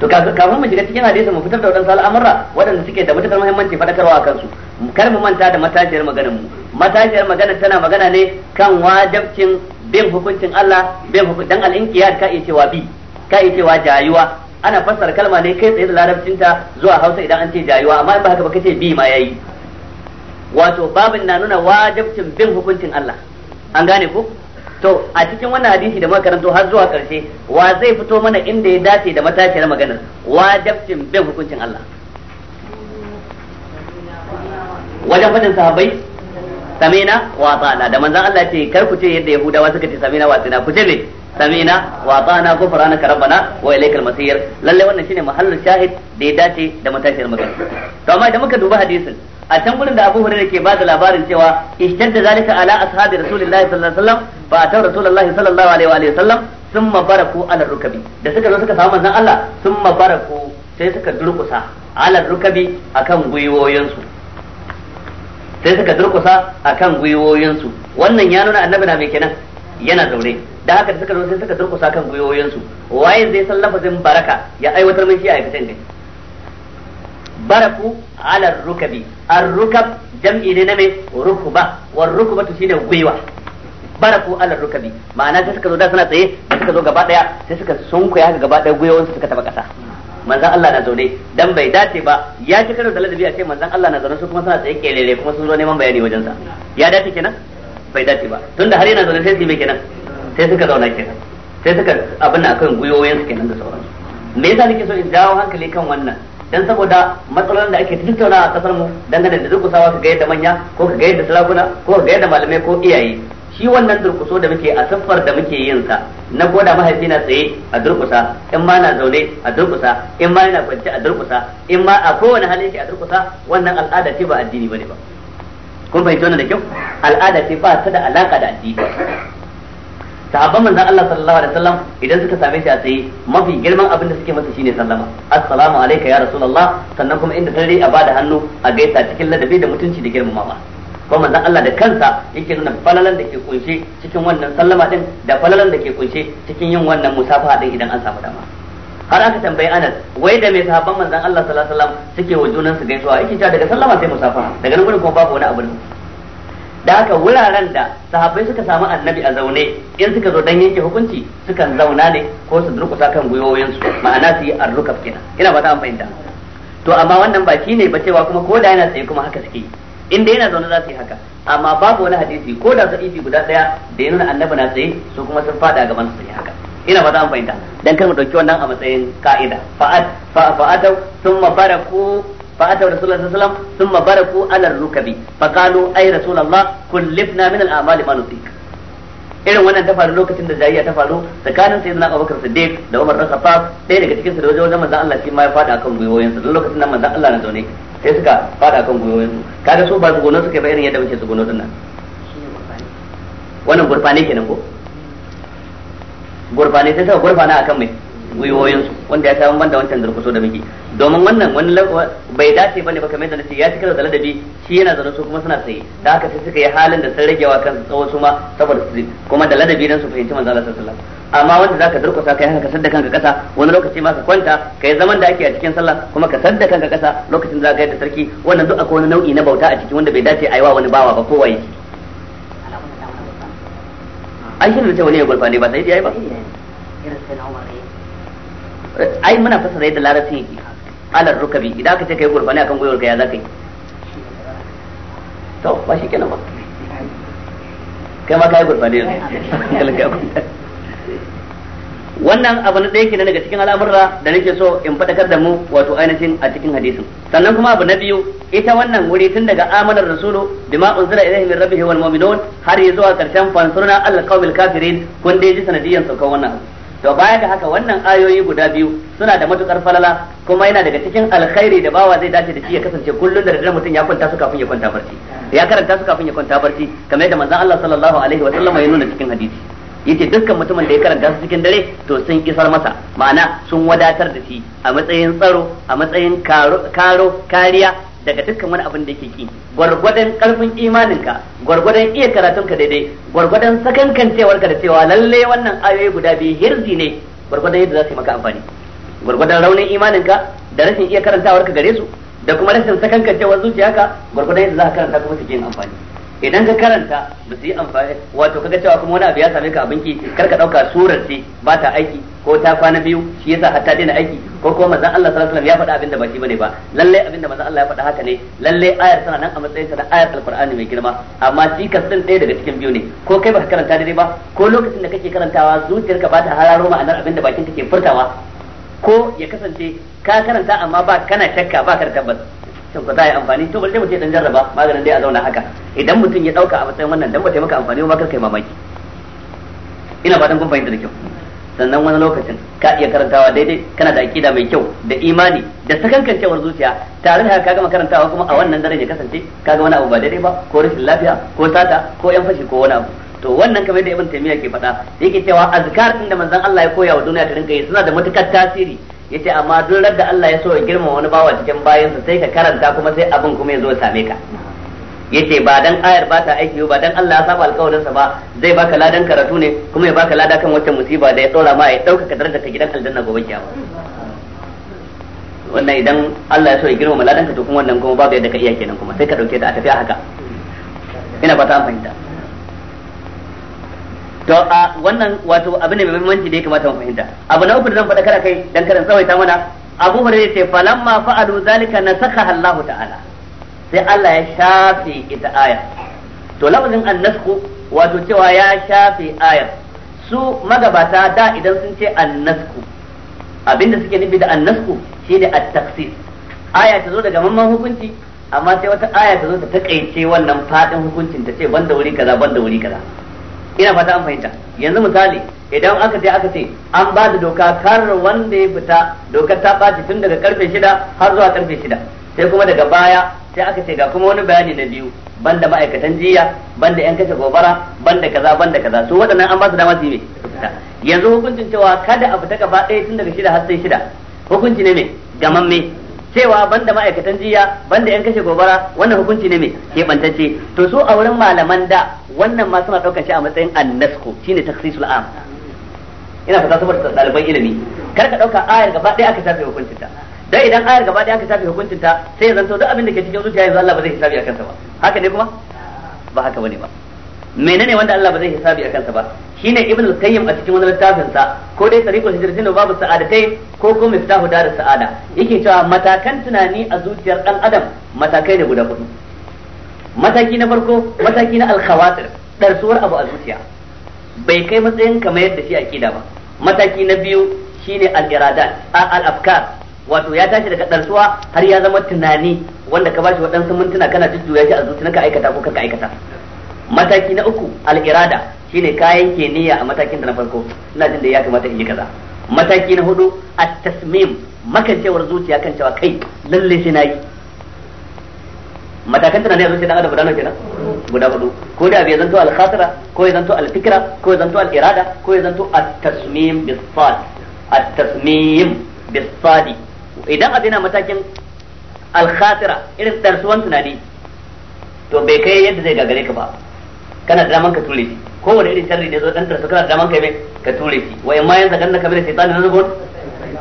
S1: to kafin mu shiga cikin hadisin mu fitar da wadansu al'amura waɗanda suke da matukar muhimmanci faɗakarwa a kansu kar mu manta da matashiyar maganar mu matashiyar magana tana magana ne kan wajabcin bin hukuncin Allah bin hukuncin dan al-inqiyad ka iya cewa bi ka iya cewa jayuwa ana fassara kalma ne kai tsaye da larabcin ta zuwa Hausa idan an ce jayuwa amma ba haka ba kace bi ma yayi wato babin na nuna wajibcin bin hukuncin Allah an gane ku to a cikin wannan hadisi da makarantu har zuwa karshe wa zai fito mana inda ya dace da matashiyar maganar wajibcin bin hukuncin Allah
S2: wajen fadin sahabbai
S1: samina wa ata'na da manzan Allah ce kar ku ce yadda yahudawa suka ce samina wa ata'na ku ce ne? samina wa ata'na ghufranaka rabbana wa ilaikal masir lalle wannan shine mahallin shahid da ya dace da matashiyar magana to amma idan muka duba hadisin a can gurin da Abu Hurairah ke bada labarin cewa ishtadda zalika ala ashabi rasulillahi sallallahu alaihi wasallam fa ataw rasulullahi sallallahu alaihi wa alihi wasallam thumma baraku ala rukabi da suka zo suka samu manzan Allah thumma baraku sai suka durkusa ala rukabi akan gwiwoyinsu sai suka durkusa kan gwiwoyinsu wannan ya nuna annabi na mai kenan yana zaune da haka da suka zo sai suka durkusa kan gwiwoyinsu waye zai san lafazin baraka ya aiwatar min shi a aikatan ne baraku ala rukabi ar-rukab jam'i ne na me rukuba war rukubatu shine gwiwa baraku ala rukabi ma'ana sai suka zo da suna tsaye da suka zo gaba daya sai suka sunkuya haka gaba daya gwiwoyinsu suka taba kasa Manzan Allah na zaune dan bai dace ba ya ci karo da ladabi a ce manzan Allah na zaune su kuma suna tsaye kelele kuma sun zo neman bayani wajen sa ya dace kenan bai dace ba tunda har yana zaune sai su yi kenan sai suka zauna kenan sai suka abin da akan gwiwoyin su kenan da sauransu me yasa nake so in jawo hankali kan wannan dan saboda matsalolin da ake tattaunawa a kasar mu dangane da sawa ka ga yadda manya ko ka ga yadda sarakuna ko ka ga yadda malamai ko iyaye shi wannan durkuso da muke a siffar da muke yin sa na koda mahaifi na tsaye a durkusa in ma na zaune a durkusa in ma yana kwance a durkusa in ma a kowane hali yake a durkusa wannan al'ada ce ba addini bane ba kun fahimci wannan da kyau al'ada ce ba ta da alaka da addini sahabban manzon Allah sallallahu alaihi wasallam idan suka same shi a tsaye mafi girman abin da suke masa shine sallama assalamu alayka ya rasulullah sannan kuma inda tare a bada hannu a gaisa cikin ladabi da mutunci da girmamawa ko manzon Allah da kansa yake nuna falalan da ke kunshe cikin wannan sallama din da falalan da ke kunshe cikin yin wannan musafaha din idan an samu dama har aka tambayi Anas wai da me sahabban manzon Allah sallallahu alaihi wasallam suke wa junan su gaisuwa yake cewa daga sallama sai musafaha daga nan gurin kuma babu wani abu da haka wuraren da sahabbai suka samu annabi a zaune in suka zo dan yanke hukunci sukan zauna ne ko su durkusa kan su ma'ana su yi arrukaf kenan ina ba ta amfani fahimta to amma wannan ba ne ba cewa kuma ko da yana tsaye kuma haka suke yi inda yana zaune za su yi haka amma babu wani hadisi ko da sahihi guda daya da ya nuna annabi na tsaye su kuma sun fada gaban su yi haka ina ba za mu fahimta dan kar mu dauki wannan a matsayin ka'ida fa'ad fa'adaw thumma baraku فأتوا رسول الله صلى الله عليه وسلم ثم بركوا على الركب فقالوا أي رسول الله كلفنا من الأعمال ما نطيق irin wannan ta faru lokacin da jayya ta faru tsakanin sayyidina Abubakar Siddiq da Umar bin Khattab ɗaya daga cikin su da wajen manzon Allah shi ma ya fada akan gwiwoyinsa don lokacin nan manzon Allah na zaune sai suka fada kan su kaga so ba zugono suka ba yadda muke zugono din nan wannan gurfane kenan ko gurfane sai suka gurfana akan mai su wanda ya samu banda wancan durkuso da muke domin wannan wani bai dace bane ba kamar yadda nace ya cika da ladabi shi yana zaune su kuma suna tsaye da haka sai suka yi halin da sun ragewa kansu tsawo su ma saboda su kuma da ladabi dan su fahimci manzo Allah sallallahu alaihi wasallam amma wanda zaka durkusa kai haka ka sadda kanka kasa wani lokaci ma ka kwanta kai zaman da ake a cikin sallah kuma ka sadda kanka kasa lokacin da zaka yi da sarki wannan duk akwai wani nau'i na bauta a ciki wanda bai dace ayi wa wani bawa ba kowa yake ai shi ne ce wani ya gurfa ne ba sai yayi ba ai muna fasara yadda larabci yake alar rukabi idan aka ce kai gurfa ne akan gwiwar ka ya zaka yi to ba shi kenan ba kai ma kai gurfa ne yanzu wannan abu na ɗaya kenan daga cikin al'amurra da nake so in faɗakar da mu wato ainihin a cikin hadisin sannan kuma abu na biyu ita wannan wuri tun daga amanar rasulu bima unzila ilayhi min rabbihi wal mu'minun har zuwa karshen fansuruna al qawmil kafirin kun dai ji sanadiyan saukan wannan to baya ga haka wannan ayoyi guda biyu suna da matukar falala kuma yana daga cikin alkhairi da bawa zai dace da shi ya kasance kullun da daddare mutum ya kwanta su kafin ya kwanta barci ya karanta su kafin ya kwanta barci kamar yadda manzon Allah sallallahu alaihi wa sallam ya nuna cikin hadisi yace dukkan mutumin da ya karanta su cikin dare to sun isar masa ma'ana sun wadatar da shi a matsayin tsaro a matsayin karo kariya daga dukkan wani abin da yake ki gwargwadon karfin imaninka gwargwadon iya karatunka daidai gwargwadon cewarka da cewa lalle wannan ayoyi guda biyu hirzi ne gwargwadon yadda za su yi maka amfani gwargwadon raunin imaninka da rashin iya karantawarka gare su da kuma rashin zuciya zuciyarka gwargwadon yadda za ka karanta kuma su yin amfani idan ka karanta ba su yi amfani wato kaga cewa kuma wani abu ya same ka abinki kar ka dauka surar ce ba ta aiki ko ta kwana biyu shi yasa hatta daina aiki ko kuma manzon Allah sallallahu alaihi wasallam ya faɗa abin da ba shi bane ba lalle abin da manzon Allah ya faɗa haka ne lalle ayar tana nan a matsayin ta na ayar alqur'ani mai girma amma shi ka san ɗaya daga cikin biyu ne ko kai baka karanta dai-dai ba ko lokacin da kake karantawa zuciyarka ba ta hararo ma'anar abin da bakin kake furtawa ko ya kasance ka karanta amma ba kana shakka ba ka da tabbas shin ko za a yi amfani to bari sai mutum dan jarraba maganin dai a zauna haka idan mutum ya dauka a matsayin wannan dan ba ta maka amfani ba kai mamaki ina fatan kun fahimta da kyau sannan wani lokacin ka iya karantawa daidai kana da akida mai kyau da imani da sakankancewar zuciya tare da ka gama karantawa kuma a wannan daren ya kasance ka ga wani abu ba daidai ba ko rashin lafiya ko sata ko yan fashi ko wani abu to wannan kamar da ibn taymiya ke faɗa yake cewa azkar inda da manzon Allah ya koya wa duniya ta rinka yi suna da matukar tasiri yace amma duk da Allah ya so ya girma wani bawa cikin bayansa sai ka karanta kuma sai abin kuma ya zo same ka yace ba dan ayar ba ta aiki ba dan Allah ya saba alƙawarin sa ba zai baka ladan karatu ne kuma ya baka lada kan wata musiba da ya tsora ma ya dauka daraja ka gidan aljanna gobe kiyama wannan idan Allah ya so ya girma ladan ka to kuma wannan kuma babu yadda ka iya kenan kuma sai ka dauke ta a tafiya haka ina ba ta fahimta to a wannan wato abu ne mai muhimmanci da ya kamata mu fahimta abu na uku da zan faɗa kada kai dan karan tsawaita mana Abu Hurairah ce falamma fa'alu zalika nasakha Allahu ta'ala sai Allah ya shafe ita aya to lafazin annasku wato cewa ya shafe aya su magabata da idan sun ce annasku abinda suke nufi da annasku shine at-taksir aya ta zo daga mamman hukunci amma sai wata aya ta zo ta takaice wannan faɗin hukuncin ta ce banda wuri kaza banda wuri kaza ina fata an fahimta yanzu misali idan aka ce aka ce an ba da doka kar wanda ya fita doka ta ɓaci tun daga karfe shida har zuwa karfe shida sai kuma daga baya sai aka ce ga kuma wani bayani na biyu banda ma'aikatan jiya banda yan kashe gobara banda kaza banda kaza su waɗannan an ba su dama su yi yanzu hukuncin cewa kada a fita gaba ɗaya tun daga shida har sai shida hukunci ne me gamamme cewa banda ma'aikatan jiya banda yan kashe gobara wannan hukunci ne mai keɓantacce to su a wurin malaman da wannan ma suna ɗaukar shi a matsayin annasko shine taksisul am
S2: ina fata saboda ɗaliban
S1: ilimi kar ka ɗauka ayar gaba ɗaya aka shafe hukuncinta dan idan ayar gaba ɗaya aka shafe hukuncinta sai ya zanto duk abin da ke cikin zuciya yanzu Allah ba zai hisabi a kansa ba haka ne kuma ba haka bane ba menene wanda Allah ba zai hisabi a kansa ba shine ibn al-qayyim a cikin wani littafin sa ko dai tariqul hijratin babu sa'adatai ko ko miftahu dar sa'ada yake cewa matakan tunani a zuciyar dan adam matakai ne guda hudu mataki na farko mataki na al-khawatir darsuwar abu a zuciya bai kai matsayin kamar yadda shi akida ba mataki na biyu shine al-iradat al-afkar wato ya tashi daga darsuwa har ya zama tunani wanda ka bashi wadansu mintuna kana jujjuya shi a zuciyarka aikata ko ka aikata mataki na uku al-irada shine kayan ke niyya a matakin da na farko ina jin da ya kamata in yi kaza mataki na hudu at-tasmim makancewar zuciya kan cewa kai lalle sai nayi yi matakan tunani a sai dan adam guda nawa kenan guda hudu ko da bai zanto al-khatira ko ya zanto al-fikra ko ya zanto al-irada ko ya zanto at-tasmim bis-sad at-tasmim bis sad idan abin na matakin al-khatira irin darsuwan tunani to bai kai yadda zai gagare ka ba kana da daman ka ture shi kowane irin sharri da zo dan tarsa kana da daman kai ka ture shi wa yamma yanzu ganna kamar shaytan da zubo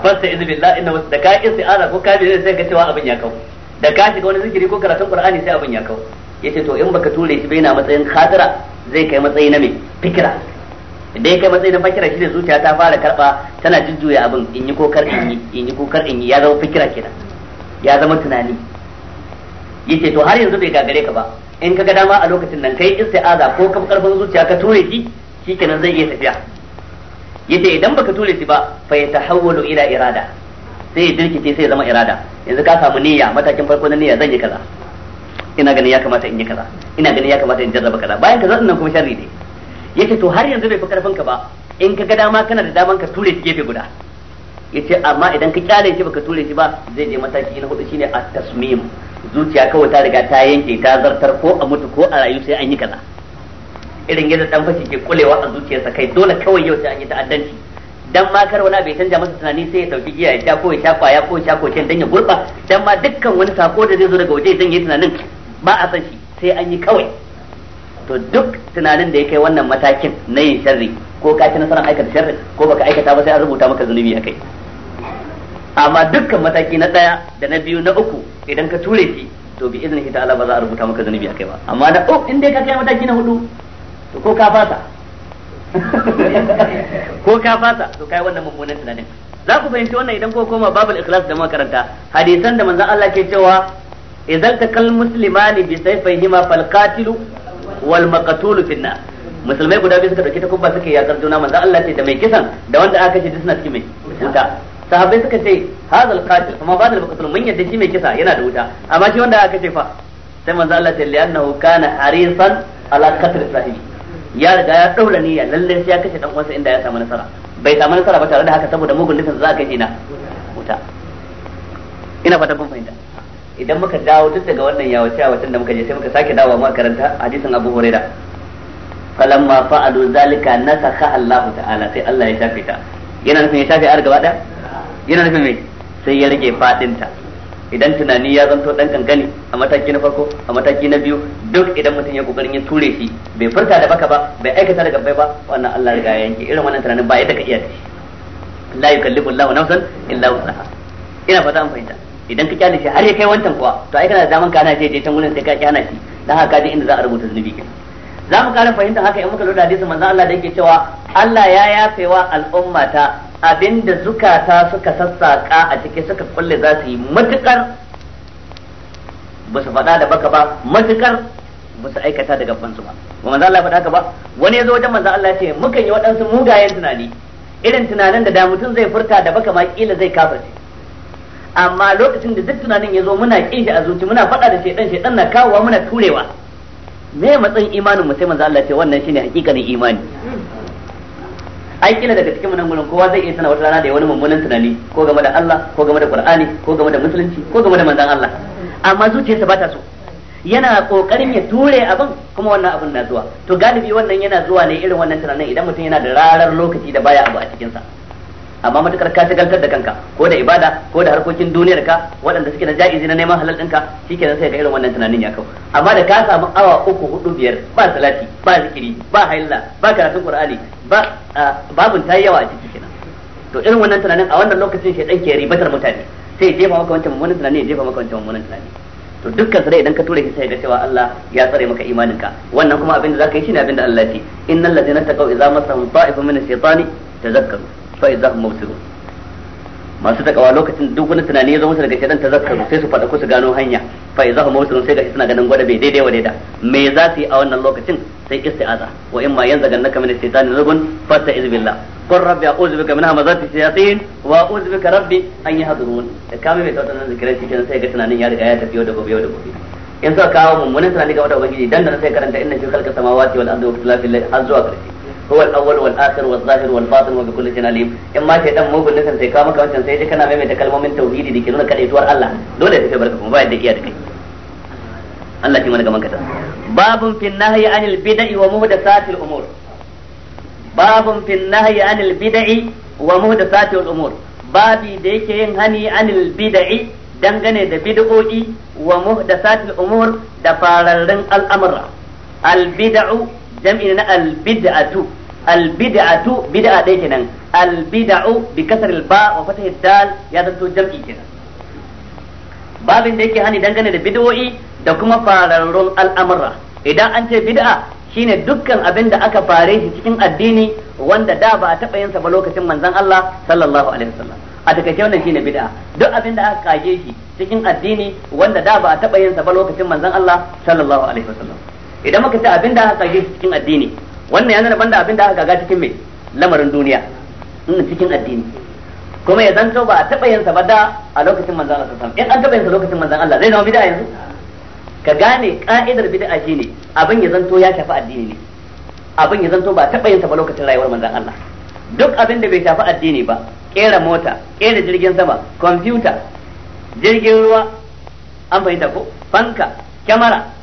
S1: fasta iz billahi inna da ka isti'aza ko ka bi sai ka cewa abin ya kau da ka shiga wani zikiri ko karatun qur'ani sai abin ya kau yace to in baka ture shi bai na matsayin khadira zai kai matsayi na me fikira idan ya kai matsayi na fakira shi ne zuciya ta fara karba tana jujjuya abin in yi kokar in yi in yi kokar in yi ya zama fikira kenan ya zama tunani yace to har yanzu bai gagare ka ba in ka ga dama a lokacin nan kai isti'aza ko kam karfin zuciya ka ture shi shikenan zai iya tafiya yace idan baka ture shi ba fa yatahawwalu ila irada sai ya dirkice sai ya zama irada yanzu ka samu niyya matakin farko na niyya zan yi kaza ina ganin ya kamata in yi kaza ina ganin ya kamata in jarraba kaza bayan ka zan nan kuma sharri ne yace to har yanzu bai fi karfin ka ba in ka ga dama kana da daman ka ture shi gefe guda yace amma idan ka kyale shi baka ture shi ba zai je mataki na hudu shine at-tasmim zuciya kawai ta riga ta yanke ta zartar ko a mutu ko a rayu sai an yi kaza irin yadda dan fashi ke kulewa a zuciyarsa kai dole kawai yau sai an yi ta'addanci dan ma kar wani bai canja masa tunani sai ya dauki giya ya sha ko ya sha kwaya ko ya sha koken dan ya gurba dan ma dukkan wani sako da zai zo daga waje zan yi tunanin ba a san shi sai an yi kawai to duk tunanin da ya kai wannan matakin na yin sharri ko ka ci nasarar aikata sharri ko baka aikata ba sai an rubuta maka zunubi a kai amma dukkan mataki na daya da na biyu na uku idan ka ture shi to bi izinin ta'ala ba za a rubuta maka zanubi kai ba amma da uku in dai ka kai mataki na hudu to ko ka fasa ko ka fasa to kai wannan mummunan tunanin za ku fahimci wannan idan ko koma babul ikhlas da makaranta hadisan da manzon Allah ke cewa idan kal muslimani bi sayfihima fal qatilu wal maqtulu finna musulmai guda biyu suka dauki takubba suka yakar juna manzon Allah ce da mai kisan da wanda aka kashe suna cikin mai wuta sahabbai suka ce hazal qatil kuma ba da qatil mun yadda shi mai kisa yana da wuta amma shi wanda aka ce fa sai manzo Allah ta yi annahu kana harisan ala qatl sahibi ya riga ya daura niyya lalle sai ya kace dan uwansa inda ya samu nasara bai samu nasara ba tare da haka saboda mugun nufin za a kai na wuta ina fata kun fahimta idan muka dawo duk daga wannan yawace watan da muka je sai muka sake dawo mu karanta hadisin Abu Hurairah falamma fa'alu zalika nasakha Allah ta'ala sai Allah ya shafe ta yana nufin ya shafe ar gaba daya yana nufin mai sai ya rage fadinta idan tunani ya zanto dan kankani a mataki na farko a mataki na biyu duk idan mutum ya kokarin ya ture shi bai furta da baka ba bai aikata da gabbai ba wannan Allah ya ya yanke irin wannan tunanin ba yadda ka iya shi la yukallifu Allahu nafsan illa wusaha ina fata an fahimta idan ka kyale shi har ya kai wancan kuwa to ai kana da daman ka hana shi je can wurin sai ka kyana shi dan haka dai inda za a rubuta zunubi kenan za mu ƙara fahimta haka in muka lura hadisin manzon Allah da yake cewa Allah ya yafewa al'ummata abinda zukata suka sassaka a cikin suka kulle za su yi matukar ba su faɗa da baka ba matukar ba su aikata da gabansu ba ba manzon Allah faɗa ka ba wani ya zo wajen manzon Allah ya ce mukan yi waɗansu mugayen tunani irin tunanin da da mutum zai furta da baka ma kila zai kafirce amma lokacin da duk tunanin ya zo muna kin shi a zuci muna faɗa da shedan shedan na kawowa muna turewa me matsayin imanin mu sai manzo Allah ce wannan shine hakikanin imani ai kila daga cikin nan gurin kowa zai iya tana wata rana da wani mummunan tunani ko game da Allah ko game da Qur'ani ko game da musulunci ko game da manzon Allah amma zuciyarsa ba ta so yana kokarin ya ture abin kuma wannan abin na zuwa to galibi wannan yana zuwa ne irin wannan tunanin idan mutum yana da rarar lokaci da baya abu a cikin sa amma matukar ka shagaltar da kanka ko da ibada ko da harkokin duniyar ka waɗanda suke na ja'izi na neman halal ɗinka shikenan sai ka irin wannan tunanin ya kau amma da ka samu awa uku hudu biyar ba salati ba zikiri ba haila ba karatun qur'ani ba babun tayi yawa a ciki kenan to irin wannan tunanin a wannan lokacin ɗan ke ribatar mutane sai jefa maka wancan mummunan tunani jefa maka wancan mummunan tunani to dukkan sai idan ka tura shi sai ga cewa Allah ya tsare maka imaninka wannan kuma abin da zaka yi shine abin da Allah ya ce innal ladina taqaw idza massahum ta'ifun min ash-shaytani tazakkaru fa idza hum mubsirun masu takawa lokacin duk wani tunani ya zo musu daga shedan tazakkaru sai su fada ku su gano hanya fa idza hum mubsirun sai gashi suna ganin gwada bai daidai wa daida me za su yi a wannan lokacin sai isti'aza wa imma yanzaganaka min ash-shaytani nazgun fasta'iz billah qur rabbi a'udhu bika min hamazati shayatin wa a'udhu bika rabbi an yahdurun da kame mai tautanan zikirin cikin sai ga tunanin ya riga ya tafi da gobe yau da gobe Yanzu suka kawo mummunan tunani game da ubangiji dan da sai karanta inna fi khalqis samawati wal ardi wa ikhtilafil layli har zuwa huwa al-awwal wal akhir wal zahir ma sai dan mugun nufin sai kana maimaita kalmomin tauhidi da ke nuna kadaituwar Allah dole sai kai barka kuma ba yadda iya da kai Allah shi mana gaman kata babun fin nahyi anil babi da yake yin hani anil bid'i dangane da bid'o'i wa umur da fararrun al'amura al bid'u jam'i na albid'atu albid'atu bid'a dai kenan albid'u bi kasr al-ba wa fath dal ya zanto jam'i kenan babin da yake hani dangane da bid'o'i da kuma fararrun al'amura idan an ce bid'a shine dukkan abin da aka fare shi cikin addini wanda da ba a taɓa yinsa ba lokacin manzon Allah sallallahu alaihi wasallam a takaice wannan shine bid'a duk abin da aka kage shi cikin addini wanda da ba a taɓa yinsa ba lokacin manzon Allah sallallahu alaihi wasallam idan muka ce abin da aka gaji cikin addini wannan ya nuna banda abin da aka kaga cikin mai lamarin duniya in cikin addini kuma ya zanto ba a taɓa yin sa ba da a lokacin manzon Allah sallallahu alaihi wasallam in an taɓa yin sa lokacin manzon Allah zai zama bid'a yanzu ka gane ka'idar bid'a shine abin ya zanto ya shafi addini ne abin ya zanto ba a taɓa yin sa ba lokacin rayuwar manzon Allah duk abin da bai shafi addini ba kera mota kera jirgin sama computer jirgin ruwa an fahimta ko fanka kyamara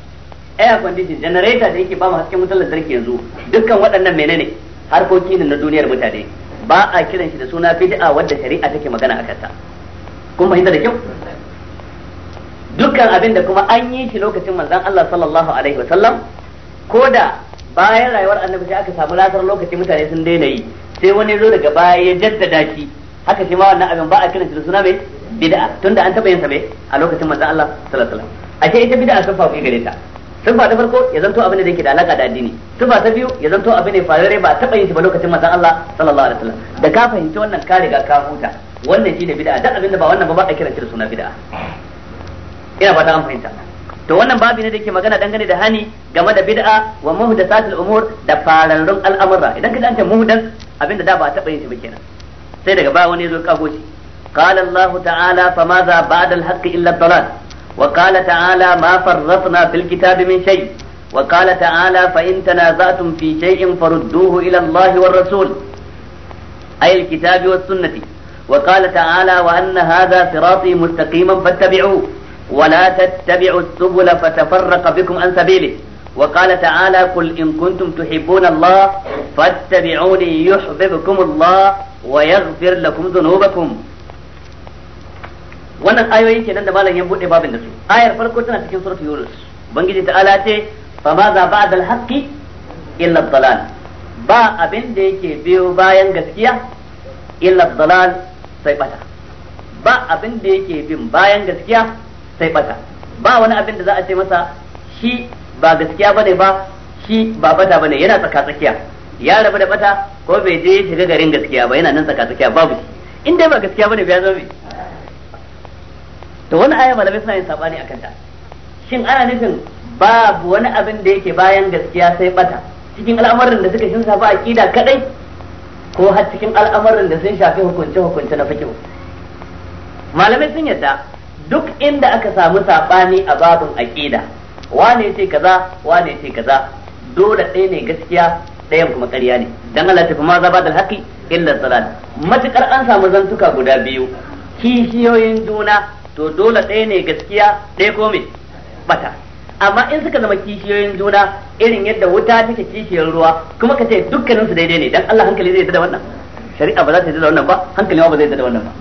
S1: air condition generator da yake ba mu hasken wutar lantarki yanzu dukkan waɗannan menene harkoki ne na duniyar mutane ba a kiran shi da suna bid'a wadda shari'a take magana akan ta kun fahimta da kyau dukkan abin da kuma an yi shi lokacin manzon Allah sallallahu alaihi wa ko da bayan rayuwar annabi sai aka samu latar lokacin mutane sun daina yi sai wani zo daga baya ya jaddada shi haka shi ma wannan abin ba a kiran shi da suna mai bid'a tunda an taba yin sa mai a lokacin manzon Allah sallallahu alaihi wa sallam ake ita bid'a sun fafi gare ta ba ta farko ya zanto abin da yake da alaka da addini ba ta biyu ya zanto abin da ya farare ba taba yin shi ba lokacin manzon Allah sallallahu alaihi wasallam da ka fahimci wannan ka riga ka huta wannan ne bid'a dan abin da ba wannan ba ba a kiran shi da suna bid'a ina fata an fahimta to wannan babu ne da ke magana dangane da hani game da bid'a wa muhdathatul umur da fararrun al'amura idan ka dace muhdath abin da ba taba yin shi ba kenan sai daga ba wani ya zo kago shi qala Allah ta'ala fa madha ba'da al-haqqi illa dalal وقال تعالى ما فرطنا في الكتاب من شيء وقال تعالى فإن تنازعتم في شيء فردوه إلى الله والرسول أي الكتاب والسنة وقال تعالى وأن هذا صراطي مستقيما فاتبعوه ولا تتبعوا السبل فتفرق بكم عن سبيله وقال تعالى قل إن كنتم تحبون الله فاتبعوني يحببكم الله ويغفر لكم ذنوبكم wannan ayoyi kenan da malam ya bude babin da su ayar farko tana cikin suratu yunus ta ala ce fa ma za ba dal haqqi illa dalal ba abin da yake biyo bayan gaskiya illa dalal sai bata ba abin da yake bin bayan gaskiya sai bata ba wani abin da za a ce masa shi ba gaskiya bane ba shi ba bata bane yana tsaka tsakiya ya rabu da bata ko bai je shiga garin gaskiya ba yana nan tsaka tsakiya babu shi in dai ba gaskiya bane ya zama to wani aya malamai suna yin sabani akan ta shin ana nufin babu wani abin da yake bayan gaskiya sai bata cikin al'amarin da suka safa aqida kadai ko har cikin al'amarin da sun shafi hukunce hukunce na fiqh malamai sun yadda duk inda aka samu sabani a babin aqida wane ce kaza wane ce kaza dole ɗaya ne gaskiya ɗayan kuma ƙarya ne dan Allah tafi ma zaba da haƙi illa salat matukar an samu zantuka guda biyu kishiyoyin juna to dole ɗaya ne gaskiya ɗaya ko me bata amma in suka zama kishiyoyin juna irin yadda wuta take kishiyar ruwa kuma ka ce dukkanin su daidai ne dan Allah hankali zai da wannan shari'a ba za ta da wannan ba hankali ma ba zai da wannan ba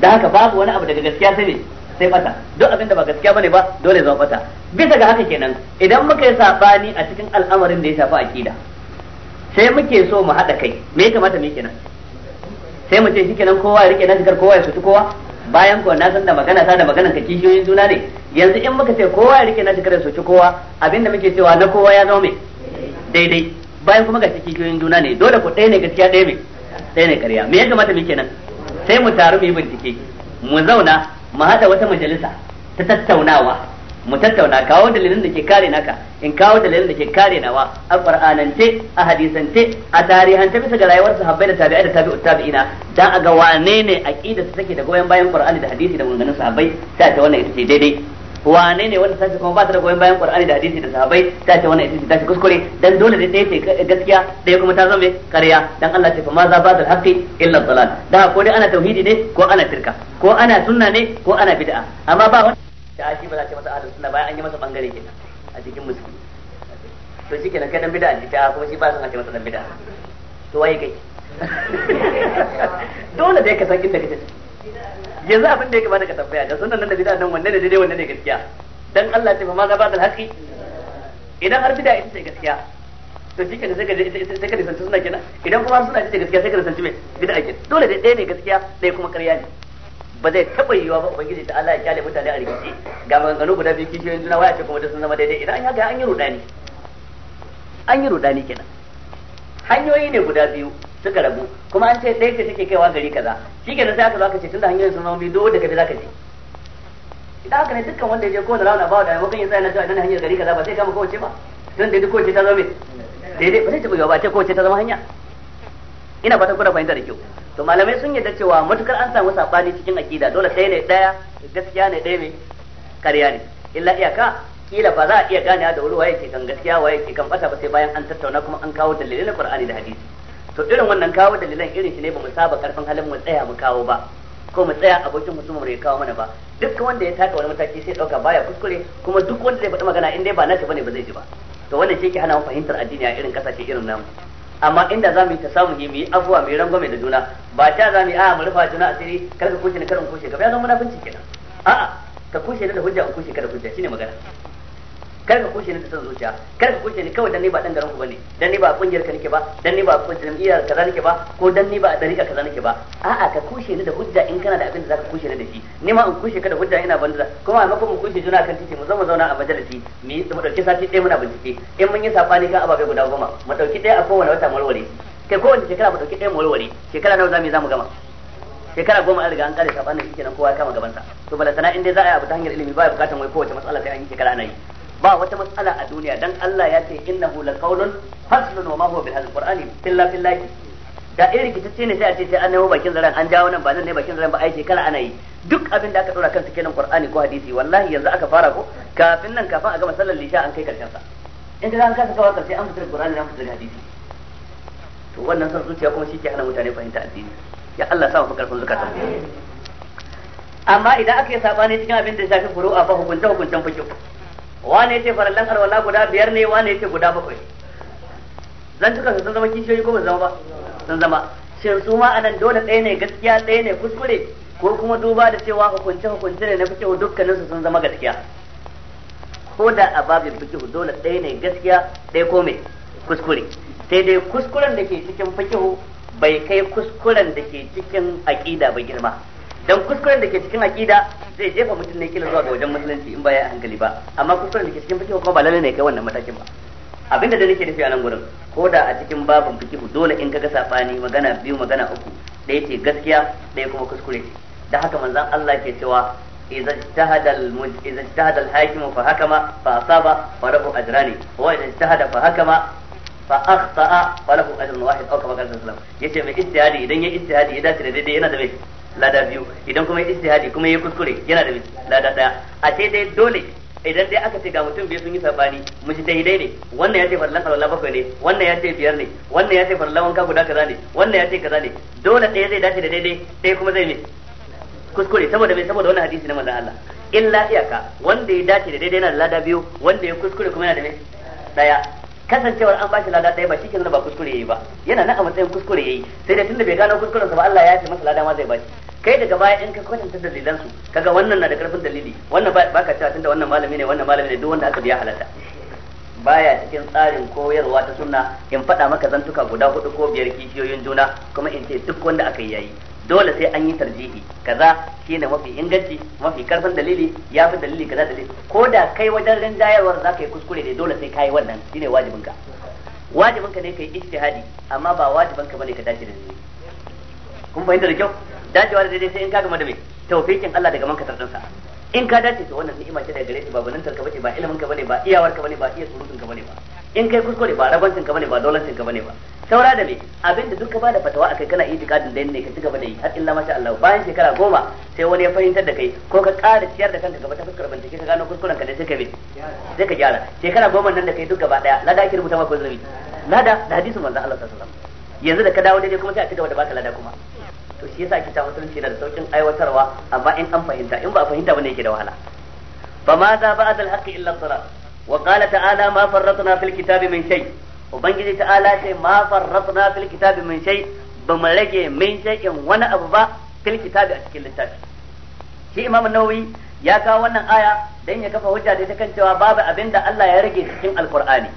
S1: dan haka babu wani abu daga gaskiya sai ne sai bata duk abin da ba gaskiya bane ba dole zama bata bisa ga haka kenan idan muka yi sabani a cikin al'amarin da ya shafi akida sai muke so mu haɗa kai me ya kamata me kenan sai mu ce shikenan kowa ya rike nan kowa ya sutu kowa bayan ko na san da magana sa da maganan ka kishiyoyin juna ne yanzu in muka ce kowa ya rike na shekarar soki kowa abinda muke cewa na kowa ya zama mai daidai bayan kuma ga kishiyoyin juna ne dole ku ɗaya ne gaskiya ɗaya mai ɗaya ne ƙarya me ya kamata mu kenan sai mu taru mu yi bincike mu zauna mu haɗa wata majalisa ta tattaunawa mu tattauna kawo dalilin da ke kare naka in kawo dalilin da ke kare nawa a qur'anance a hadisance a tarihance bisa ga rayuwar sahabbai da tabi'ai da tabi'ut tabi'ina dan a ga wane ne aqidar su take da goyen bayan qur'ani da hadisi da maganganun sahabbai ta ce wannan ita ce daidai wane ne wanda sashi kuma ba ta da goyon bayan qur'ani da hadisi da sahabbai ta ce wannan ita ce ta kuskure dan dole ne ɗaya ce gaskiya ɗaya kuma ta zame ƙarya dan Allah ce fa ma za ba da haqqi illa dalal da ko dai ana tauhidi ne ko ana shirka ko ana sunna ne ko ana bid'a amma ba ta shi ba za ta masa ahlus sunna bayan an yi masa bangare kenan a cikin musulmi to shi kenan kai dan bid'a ne ta kuma shi ba san a ce masa dan bid'a to waye kai dole dai ka san inda kake yanzu abin da ya kamata ka tambaya da sunan nan da bid'a nan wanne ne daidai wanne ne gaskiya dan Allah ce fa ma za ba da haƙi idan har bid'a ita ce gaskiya to shi kenan sai ka sai ka nisanci suna kenan idan kuma suna ce gaskiya sai ka nisanci me bid'a kenan dole dai ɗaya ne gaskiya ɗaya kuma ƙarya ne ba zai taɓa yiwuwa ba ubangiji ta Allah ya kyale mutane a rikici ga maganganu guda biyu kishiyoyin juna waya ce kuma da sun zama daidai idan an yaga an yi rudani an yi rudani kenan hanyoyi ne guda biyu suka rabu kuma an ce ɗaya ce take kaiwa gari kaza shi kenan sai aka zo aka ce tunda hanyoyin sun zama biyu dole da kabi zaka je idan haka ne dukkan wanda ya je kowane rawana ba da maimakon ya tsaya na cewa idan hanyar gari kaza ba sai kama kowace ba tun da kowace ta zama daidai ba sai ta buga ba ce kowace ta zama hanya ina fatan kuna fahimta da kyau to malamai sun yadda cewa matukar an samu sabani cikin akida dole sai ne daya gaskiya ne ɗaya ne kariya ne illa iyaka kila ba za a iya ganewa da wuri waye ke kan gaskiya waye ke kan fata ba sai bayan an tattauna kuma an kawo dalilai na Qur'ani da hadisi to irin wannan kawo dalilan irin shi ne ba mu saba karfin halin mu tsaya mu kawo ba ko mu tsaya abokin mutum mu kawo mana ba duk wanda ya taka wani mataki sai dauka baya kuskure kuma duk wanda zai faɗi magana in dai ba nata bane ba zai ji ba to wannan shi ke hana fahimtar addini a irin kasashe irin namu amma inda za mu yi tasamuhi mu yi afuwa mu yi rangwame da juna ba ta za mu yi a mu rufa juna asiri kar ka kushe ni kar in kushe ka ya zama munafinci kenan a'a ka kushe ni da hujja in kushe ka da hujja shine magana kar ka kushe ni da san zuciya kar ka kushe ni kawai dan ni ba dan garin ku bane dan ni ba kungiyar ka nake ba dan ni ba jam'iyyar kaza nake ba ko dan ni ba a dariƙa kaza nake ba a'a ka kushe ni da hujja in kana da abin da zaka kushe ni da shi ni ma in kushe ka da hujja ina banza kuma a maimakon mu kushe juna kan titi mu zama zauna a majalisi mu yi mu dauki sati ɗaya muna bincike in mun yi sabani kan ababe guda goma mu dauki ɗaya a kowane wata mu warware kai kowace shekara mu dauki ɗaya mu warware shekara nawa zamu yi zamu gama shekara goma an riga an kare sabanin shi kenan kowa ya kama gabansa to balantana in dai za a yi abu ta hanyar ilimi ba ya bukatar wai kowace matsala sai an yi shekara ana yi ba wata matsala a duniya dan Allah ya ce innahu laqawlun faslun wa ma huwa bil qur'ani illa billahi da irin rikitacce ne sai a ce sai an nemo bakin zaran an jawo nan ba nan ne bakin zaran ba ai shekara ana yi duk abin da aka dora kansa kenan qur'ani ko hadisi wallahi yanzu aka fara ko kafin nan kafin a gama sallar lisha an kai karshen sa in ka an kasa kawo sai an fitar qur'ani an fitar hadisi to wannan san zuciya kuma shi ke hana mutane fahimta addini ya Allah sa mu karfin zukatan amma idan aka yi sabani cikin abin da ya shafi furu'a fa hukunta hukuncen fiqh wane yace farallan alwala guda biyar ne wane yace guda bakwai zan su sun zama kishiyoyi ko ba zama ba sun zama shin su ma anan dole ɗaya ne gaskiya ɗaya ne kuskure ko kuma duba da cewa hukunce hukunce ne na fikihu dukkanin su sun zama gaskiya ko da a babin fikihu dole ɗaya ne gaskiya ɗaya ko me kuskure sai dai kuskuren da ke cikin fikihu bai kai kuskuren da ke cikin aƙida ba girma dan kuskuren da ke cikin aqida zai jefa mutum ne kila zuwa ga wajen musulunci in baya ya hankali ba amma kuskuren da ke cikin fikihu kuma ba lalle ne kai wannan matakin ba abinda da nake nufi a nan gurin ko da a cikin babin fikihu dole in kaga sabani magana biyu magana uku da yace gaskiya da kuma kuskure da haka manzon Allah ke cewa fa اجتهد المج... إذا اجتهد الحاكم فهكم فأصاب fa أجران fa اجتهد فهكم فأخطأ فله أجر واحد أو كما قال yace mai عليه idan ya من ya dace da daidai yana da دمشق lada biyu idan kuma ya istihadi kuma ya kuskure yana da lada daya a ce dai dole idan dai aka ce ga mutum biyu sun yi sabani mushi dai ne wannan ya ce farlan alwala bakwai ne wannan ya ce biyar ne wannan ya ce farlan wanka guda kaza ne wannan ya ce kaza ne dole ɗaya zai dace da daidai ɗaya kuma zai ne kuskure saboda mai saboda wannan hadisi na manzon Allah illa iyaka wanda ya dace da daidai yana da lada biyu wanda ya kuskure kuma yana da mai daya kasancewar an bashi lada ɗaya ba shi kenan ba kuskure yayi ba yana nan a matsayin kuskure yayi sai dai tunda bai gano kuskuren sa ba Allah ya ce masa lada ma zai bashi kai daga baya in ka kwatanta dalilan su kaga wannan na da karfin dalili wannan ba ka cewa tunda wannan malami ne wannan malami ne duk wanda aka biya halatta baya cikin tsarin koyarwa ta sunna in faɗa maka zantuka guda hudu ko biyar kishiyoyin juna kuma in ce duk wanda aka yi yayi dole sai an yi tarjihi kaza shine mafi inganci mafi karfin dalili ya fi dalili kaza dalili ko da kai wajen rinjayarwar za ka yi kuskure ne dole sai ka yi wannan shine wajibinka wajibinka ne ka yi ijtihadi amma ba wajibinka bane ka dace da ni kun bayyana da kyau dacewa da daidai sai in ka gama da me tawfiqin Allah daga manka tardansa in ka dace to wannan ni'ima ce daga gare shi ba banantar ka bace ba ilimin ka bane ba iyawar ka bane ba iya surutun ka bane ba in kai kuskure ba rabancin ka bane ba dolancin ka bane ba saura da me abinda duka ba da fatawa akai kana itikadin da ne ka ci gaba da yi har illa masha Allah bayan shekara goma sai wani ya fahimtar da kai ko ka ƙara ciyar da kanka gaba ta fuskar bantake ka gano kuskuren ka da sai ka bi sai ka gyara shekara goma nan da kai duk gaba daya lada ake rubuta maka zubi lada da hadisin manzon Allah sallallahu alaihi wasallam yanzu da ka dawo daidai kuma sai a ci gaba da baka lada kuma to shi yasa kita musulunci na da saukin aiwatarwa amma in an fahimta in ba a fahimta bane yake da wahala fa ma za ba'da al-haqqi illa as-salat wa qala ta'ala ma farratna fil kitabi min shay' ubangiji ta'ala ce ma farratna fil kitabi min shay ba mu rage min shay'in wani abu ba fil kitabi a cikin littafi shi imamu nawawi ya kawo wannan aya dan ya kafa hujja da kan cewa babu abin da Allah ya rage cikin alqur'ani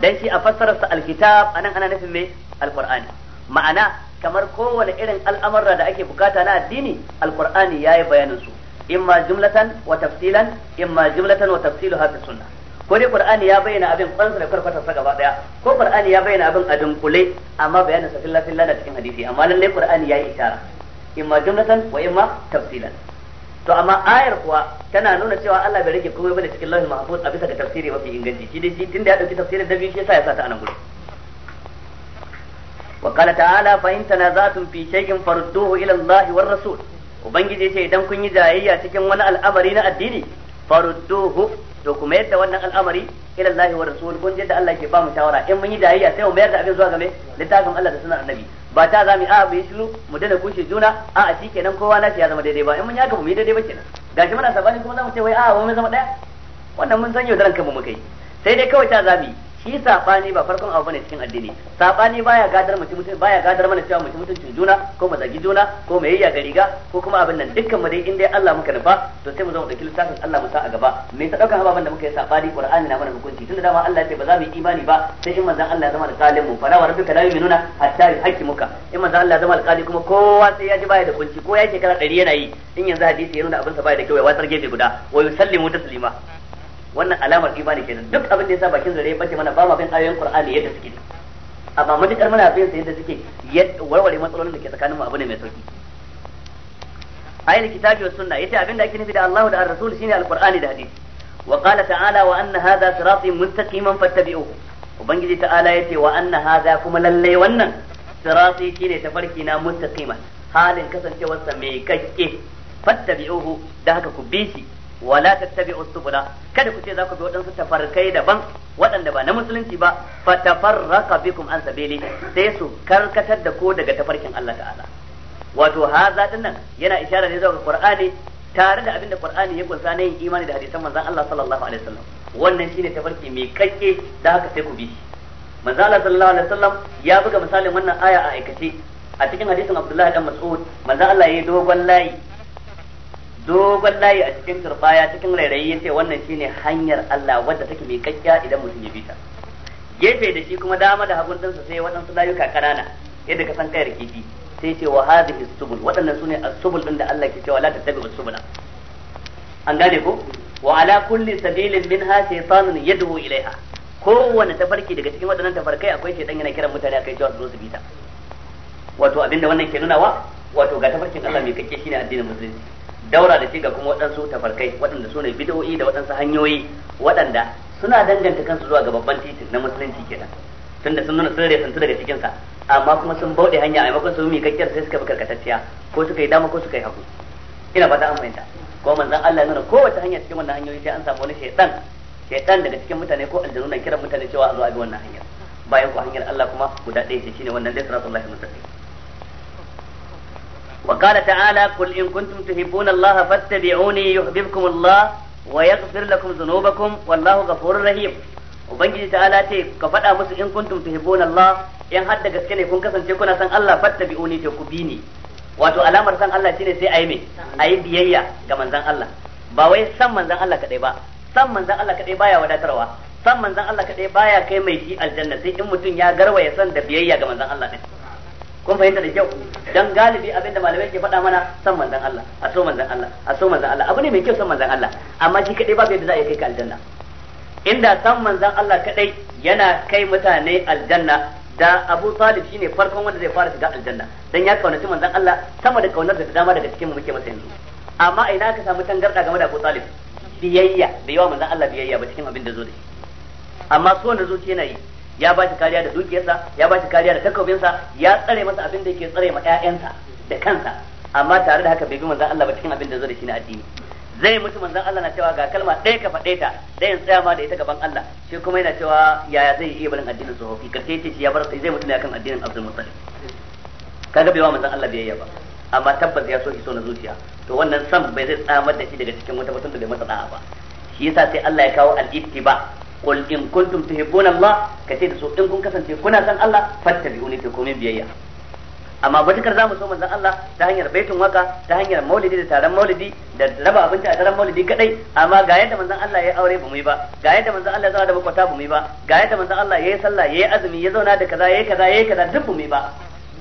S1: dan shi a fassarar sa alkitab anan ana nufin me alqur'ani ma'ana kamar kowane irin al'amurra da ake bukata na addini alqur'ani yayi bayanin su imma jumlatan wa tafsilan imma jumlatan wa tafsiluha fi sunnah ko dai qur'ani ya bayyana abin kwansa da karfatar sa gaba daya ko qur'ani ya bayyana abin a dunkule amma bayanin sa na cikin hadisi amma lalle qur'ani ya yi ishara imma jumlatan wa imma tafsilan to amma ayar kuwa tana nuna cewa Allah bai rage komai bane cikin lauhin mahfuz a bisa ga tafsiri mafi inganci shi dai shi tunda ya dauki tafsirin da biyu shi yasa ya sa ta anan gudu wa qala ta'ala fa in tanaza'tum fi shay'in farudduhu ila Allah war rasul ubangiji ce idan kun yi jayayya cikin wani al'amari na addini farudduhu to kuma yadda wannan al'amari ila Allah wa rasul kun yadda Allah ke ba mu shawara in mun yi dariya sai mu mayar da abin zuwa game littafin Allah da sunan annabi ba ta za a mu yi shiru mu dana kushe juna a a shikenan kowa na ya zama daidai ba in mun yaka mu yi daidai ba kenan gashi muna sabani kuma zamu ce wai a wai mun zama daya wannan mun san yaudaran kanmu mu kai sai dai kawai ta za shi sabani ba farkon abu bane cikin addini sabani baya gadar mutum mutum baya gadar mana cewa mutum mutuncin juna ko mu zagi juna ko mu yayya ga ko kuma abin nan dukkan mu dai in dai Allah muka nufa to sai mu zama dauki lissafin Allah mu sa a gaba me ta daukan ababan da muka yi sabani Qur'ani na mana hukunci tunda dama Allah ya ce ba za mu yi imani ba sai in manzon Allah ya zama alqalin mu fara wa rabbika la yu'minuna hatta muka in manzon Allah ya zama alqali kuma kowa sai ya ji baya da kunci ko ya kana dari yana yi in yanzu hadisi ya nuna abin sa baya da kyau ya watsar gefe guda wa yusallimu taslima wannan alamar imani kenan duk abin da yasa bakin zare bace mana ba ma bin ayoyin Qur'ani yadda suke amma matukar mana bin sa yadda suke warware matsalolin da ke tsakanin mu abu ne mai sauki ayin kitabi was sunna yace abin da ake nufi da Allah da ar-rasul shine al-Qur'ani da hadisi wa qala ta'ala wa anna hadha sirati mustaqiman fattabi'uhu ubangiji ta'ala yace wa anna hadha kuma lalle wannan sirati shine tafarki na mustaqiman halin kasancewarsa mai kakke fattabi'uhu da haka ku bi shi wala tattabi'us subula kada ku ce za ku bi waɗansu tafarkai daban waɗanda ba na musulunci ba fa tafarraqa bikum an sabili sai su karkatar da ko daga tafarkin Allah ta'ala wato haza dinnan yana isharar ne zuwa Qur'ani tare da abinda da Qur'ani ya kunsa na yin imani da hadisan manzon Allah sallallahu alaihi wasallam wannan shine tafarki mai kakke da haka sai ku bi shi manzon Allah sallallahu alaihi wasallam ya buga misalin wannan aya a aikace a cikin hadisin abdullah dan Mas'ud manzon Allah yi dogon layi dogon layi a cikin turbaya cikin rairayi yace wannan shine hanyar Allah wadda take mai kakkiya idan mutum ya bita gefe da shi kuma dama da hagun dinsa sai waɗansu layuka kanana yadda ka san kayar kifi sai ce wa hadhihi subul waɗannan sune as-subul din da Allah ke cewa la tattabi'u subula an gane ko wa ala kulli sabilin minha shaytanun yad'u ilaiha kowane tafarki daga cikin waɗannan tafarkai akwai shaytan yana kiran mutane akai cewa su zo su wato abinda wannan ke wa, wato ga tafarkin Allah mai kake shine addinin musulunci daura da shi ga kuma waɗansu tafarkai waɗanda su ne bid'o'i da waɗansu hanyoyi waɗanda suna danganta kansu zuwa ga babban titin na musulunci kenan tunda sun nuna sun resantu daga cikin amma kuma sun bauɗe hanya a maimakon su mikakkiyar sai suka bi karkatacciya ko suka yi dama ko suka yi hagu ina fata an fahimta ko manzon Allah nuna kowace hanya cikin wannan hanyoyi sai an samu wani shaytan shaytan daga cikin mutane ko aljanu na kiran mutane cewa a zo a bi wannan hanyar bayan ku hanyar Allah kuma guda ɗaya ce shine wannan dai siratullahi mustaqim وقال تعالى قل إن كنتم تحبون الله فاتبعوني يحببكم الله ويغفر لكم ذنوبكم والله غفور رحيم ubangiji ta'ala ce ka faɗa musu in kuntum tuhibbuna Allah gaske ne kun kasance kuna san Allah fattabi'uni to ku bi ni alamar san Allah shine sai ayi me biyayya ga manzon Allah ba wai san manzon Allah kadai ba san manzon Allah kadai baya wadatarwa san manzan Allah kadai baya kai mai shi aljanna sai in mutum ya garwaya san da biyayya ga manzon Allah kun fahimta da kyau dan galibi abinda malamai ke faɗa mana san manzon Allah a so manzon Allah a so manzon Allah abu ne mai kyau san manzon Allah amma shi kadai babu yadda za a kai ka aljanna inda san manzan Allah kadai yana kai mutane aljanna da Abu Talib shine farkon wanda zai fara shiga aljanna dan ya kaunaci manzon Allah sama da kaunar da dama daga cikin mu muke masa yanzu amma ina ka samu tangarda game da Abu Talib biyayya bai yawa manzon Allah biyayya ba cikin abin da zo da shi amma so da zuciya yana yi ya ba shi kariya da dukiyarsa ya ba shi kariya da takobinsa ya tsare masa abin da yake tsare ma ƴaƴansa da kansa amma tare da haka bai bi manzon Allah ba cikin abin da zai da shi na addini zai mutu manzon Allah na cewa ga kalma ɗaya ka faɗe ta ɗayan tsaya ma da ita gaban Allah shi kuma yana cewa yaya zai iya barin addinin hofi karshe ce shi ya bar sai zai mutu ne akan addinin Abdul Muttalib kaga bai wa manzon Allah biyayya ba amma tabbas ya so shi so na zuciya to wannan san bai zai tsamar da shi daga cikin wata mutum da bai masa ba shi yasa sai Allah ya kawo al-ittiba qul in kuntum tuhibbuna Allah kace da su in kun kasance kuna san Allah fattabi'uni ke komai biyayya amma batukar zamu so manzan Allah ta hanyar baitun waka ta hanyar maulidi da taron maulidi da raba abinci a taron maulidi kadai amma ga yadda manzon Allah ya aure bamu yi ba ga yadda manzon Allah ya zauna da makwata bamu yi ba ga yadda manzon Allah ya yi sallah ya yi azumi ya zauna da kaza ya yi kaza ya yi kaza duk bamu yi ba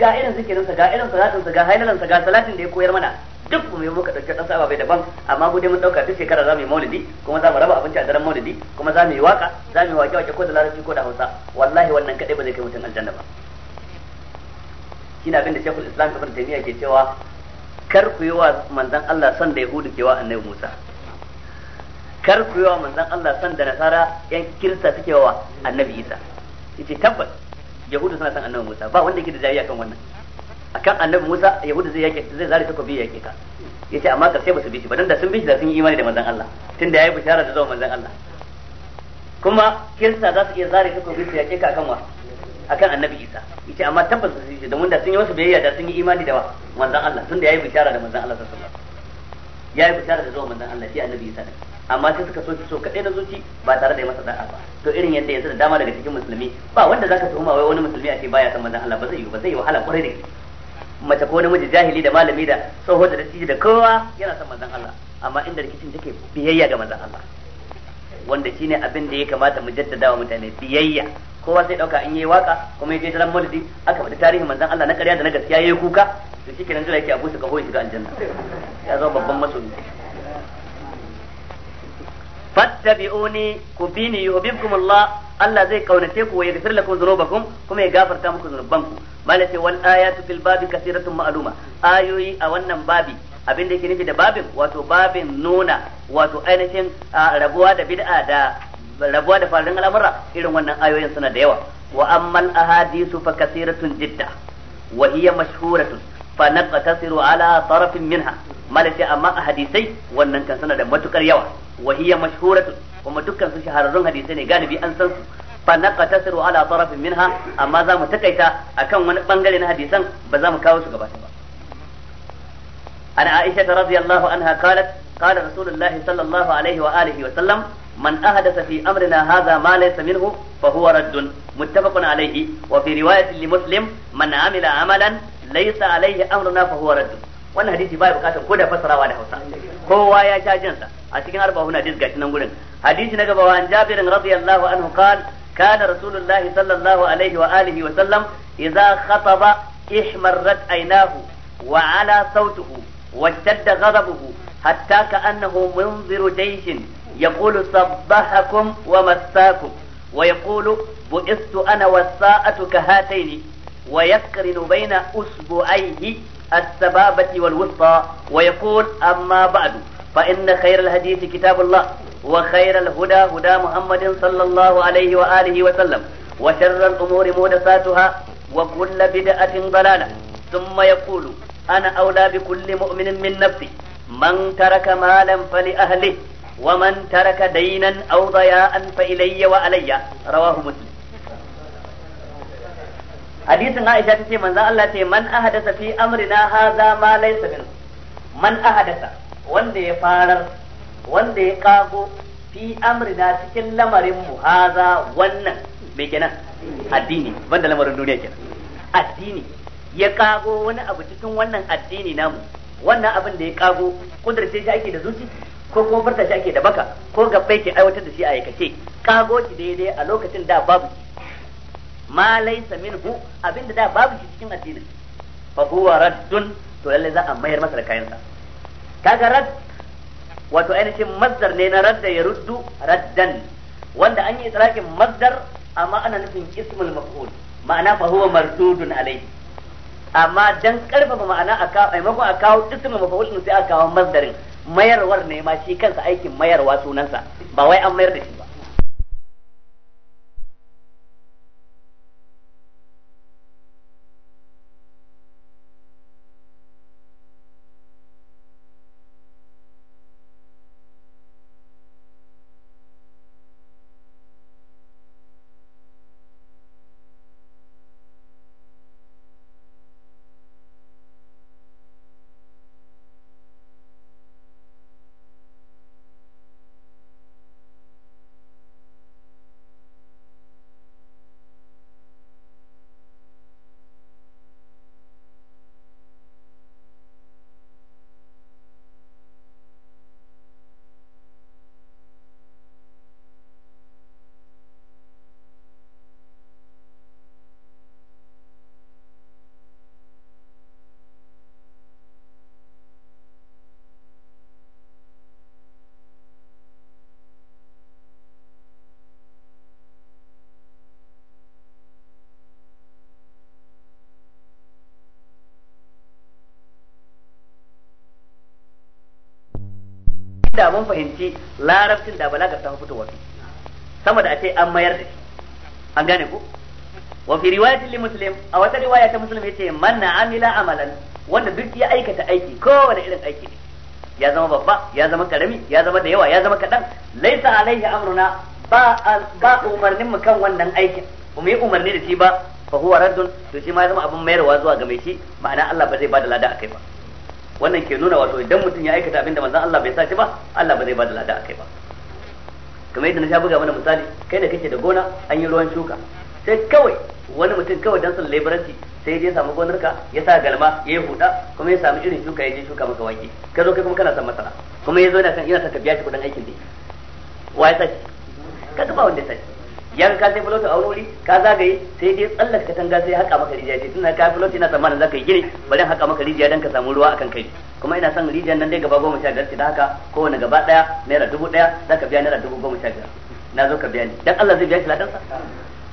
S1: ga irin zikirin sa ga irin salatin sa ga hailalan sa ga salatin da ya koyar mana duk mu yi muka dauke dan sa bai daban amma mu dai mun dauka duk shekara zamu yi maulidi kuma zamu raba abinci a daren maulidi kuma zamu yi waka zamu yi wake wake ko da larabci ko da Hausa wallahi wannan kadai ba zai kai mutum aljanna ba shine abin da shekul Islam Ibn taymiya ke cewa kar ku yi wa manzon Allah son da Yahudu ke wa Annabi Musa kar ku yi wa manzon Allah son da Nasara yan Kirista suke wa Annabi Isa yace tabbas yahudu suna san annabi Musa ba wanda yake da jayayya kan wannan akan annabi Musa yahudu zai yake zai zare kobi yake ka yace amma karshe ba su bi shi ba dan da sun bi shi da sun yi imani da manzon Allah tunda yayi bishara da zuwa manzon Allah kuma kirista za su iya zare kobi su yake ka akan wa akan annabi Isa yace amma tabbas su shi domin da sun yi masa biyayya da sun yi imani da manzon Allah tunda yayi bishara da manzon Allah sallallahu alaihi wasallam yayi bishara da zuwa manzon Allah shi annabi Isa ne amma sai suka so so kadai na zuci ba tare da masa da'a ba to irin yadda yanzu da dama daga cikin musulmi ba wanda zaka tuhuma wai wani musulmi a ce baya san manzon Allah ba zai yi ba zai yi wahala kwarai da mace ko namiji jahili da malami da tsoho da dattijo da kowa yana san manzon Allah amma inda rikicin take biyayya ga manzon Allah wanda shine abin da ya kamata mu jaddada wa mutane biyayya kowa sai dauka in yi waka kuma yaje jiran maulidi aka faɗi tarihin manzon Allah na ƙarya da na gaskiya yayi kuka to shikenan jira yake abu su kaho shiga aljanna ya zama babban masoyi fattabi'uni ku bini yuhibbukum Allah Allah zai kaunace ku wa yaghfir lakum dhunubakum kuma ya gafarta muku dhunubanku bala ce wal ayatu fil babi kasiratun ma'luma ayoyi a wannan babi abin da yake nufi da babin wato babin nuna wato ainihin rabuwa da bid'a da rabuwa da farin al'amura irin wannan ayoyin suna da yawa wa ammal ahadisu fa kasiratun jidda wa hiya mashhuratun fa naqtasiru ala tarafin minha malaka amma ahadisai wannan kan suna da matukar yawa wa hiya mashhuratun kuma dukkan shahararrun hadisai ne galibi an san su fa naqtasiru ala tarafin minha amma za mu takaita akan wani bangare na hadisan ba za mu kawo su gaba ba an Aisha radhiyallahu قال رسول الله صلى الله عليه وآله وسلم من أحدث في أمرنا هذا ما ليس منه فهو رد متفق عليه وفي رواية لمسلم من عمل عملا ليس عليه أمرنا فهو رد wannan hadisi baya bukatar ko da fasarawa da Hausa kowa ya sha jinsa sa a cikin arba'un hadis gashi nan gurin hadisi na gaba wa an Jabir radiyallahu anhu qala kana rasulullahi sallallahu alaihi wa alihi wa sallam idza khataba ihmarrat aynahu wa ala sautuhu wa ghadabuhu hatta ka'annahu munziru jayshin yaqulu sabbahakum wa massakum wa yaqulu bu'istu ana was-sa'atu kahataini ويقرن بين أسبوعيه السبابة والوسطى ويقول أما بعد فإن خير الحديث كتاب الله وخير الهدى هدى محمد صلى الله عليه وآله وسلم وشر الأمور مودساتها وكل بدعة ضلالة ثم يقول أنا أولى بكل مؤمن من نفسي من ترك مالا فلأهله ومن ترك دينا أو ضياء فإلي وعلي رواه مسلم hadisin Aisha tace manzo Allah ce man ahadasa fi amrina hadha ma laysa min man ahadasa wanda ya farar wanda ya kago fi amrina cikin lamarin mu hadha wannan me kenan addini banda lamarin duniya kenan addini ya kago wani abu cikin wannan addini namu wannan abin da ya kago kudurce shi ake da zuci ko kuma farta shi ake da baka ko gabbai ke aiwatar da shi a aikace kago shi daidai a lokacin da babu shi ma laysa minhu abinda da babu shi cikin addinin fa huwa raddun to lalle za a mayar masa da kayansa kaga rad wato ainihin masdar ne na radda ya ruddu raddan wanda an yi itlaqin masdar amma ana nufin ismul maf'ul ma'ana fa huwa mardudun alayhi amma dan karfafa ma'ana a kawo mako a kawo ismul maf'ul sai a kawo masdarin mayarwar ne ma shi kansa aikin mayarwa sunansa ba wai an mayar da shi da mun fahimci larabcin da balagar ta fitowa sama da a ce an mayar da shi an gane ko wa fi riwayat li muslim a wata riwaya ta muslim yace man na amila amalan wanda duk ya aikata aiki kowane irin aiki ne ya zama babba ya zama karami ya zama da yawa ya zama kadan laisa alaihi amruna ba ba umarnin mu kan wannan aikin mu yi umarni da shi ba fa huwa raddun to shi ma ya zama abin mayarwa zuwa ga mai shi ma'ana Allah ba zai bada lada akai ba wannan ke nuna wato idan mutum ya aikata abinda manzon Allah bai sa shi ba Allah ba zai bada lada akai ba kamar yadda na sha buga mana misali kai da kake da gona an yi ruwan shuka sai kawai wani mutum kawai dan sun laboranci sai je samu ka ya sa galma ya yi huda kuma ya samu irin shuka ya je shuka maka wake ka zo kai kuma kana son masara kuma ya zo yana son yana son ka biya shi kudin aikin da wa ya sace ka ba wanda ya sace yan ka sai fulota a wuri ka zagaye sai dai tsallaka katanga sai haka maka rijiya ce tunda ka fulota ina tsammanin zaka yi gini bari haka maka rijiya dan ka samu ruwa akan kai kuma ina son rijiyar nan dai gaba goma sha biyar ce da haka kowane gaba daya naira dubu daya zaka biya naira dubu goma sha biyar na zo ka biya ni dan Allah zai biya shi ladansa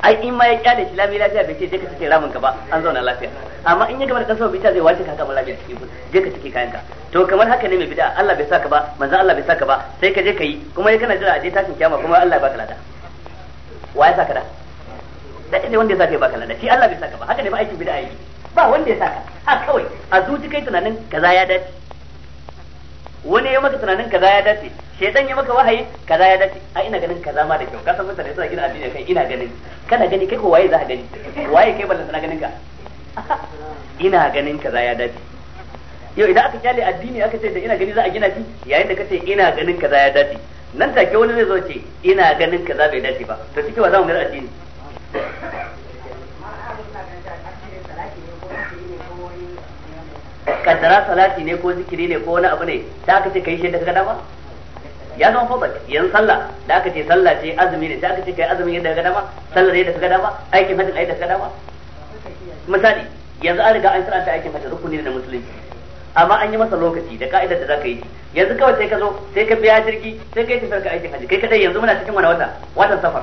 S1: ai in ma ya kyale shi lami lafiya bai ce je ka cike ramin ka ba an zauna lafiya amma in ya gama da kasuwa bita zai wace ka kama lafiya cikin gudu je ka cike kayan ka to kamar haka ne mai bid'a Allah bai saka ba manzo Allah bai saka ba sai ka je ka yi kuma ya kana jira a je tashin kiyama kuma Allah ya baka lada wa ya saka da dade ne wanda ya saka ya baka lada shi Allah bai saka ba haka ne ba aikin bid'a yake ba wanda ya saka ha kawai a zuci kai tunanin kaza ya dace wani ya maka tunanin kaza ya dace shedan ya maka wahayi kaza ya dace a ina ganin kaza ma da kyau ka san mutane suna gina addini kai ina ganin kana gani kai ko waye za ka gani waye kai ballan sana ganin ka ina ganin kaza ya dace yau idan aka kyale addini aka ce da ina gani za a gina shi yayin da kace ina ganin kaza ya dace nan take wani zai zo ce ina ganin kaza bai dace ba to cikin wa zamu ga addini kaddara salati ne ko zikiri ne ko wani abu ne da aka ce kai shi da gada ba ya zama fadl yan sallah da aka ce sallah ce azumi ne da aka ce kai azumi yadda gada ba sallar yadda gada ba aikin hajji yadda gada ba misali yanzu an riga an karanta aikin hajji rukuni ne da musulunci amma an yi masa lokaci da ka'idar da za ka yi yanzu kawai sai ka zo sai ka biya jirgi sai ka yi tafiyar ka aikin hajji kai kadai yanzu muna cikin wani wata watan safar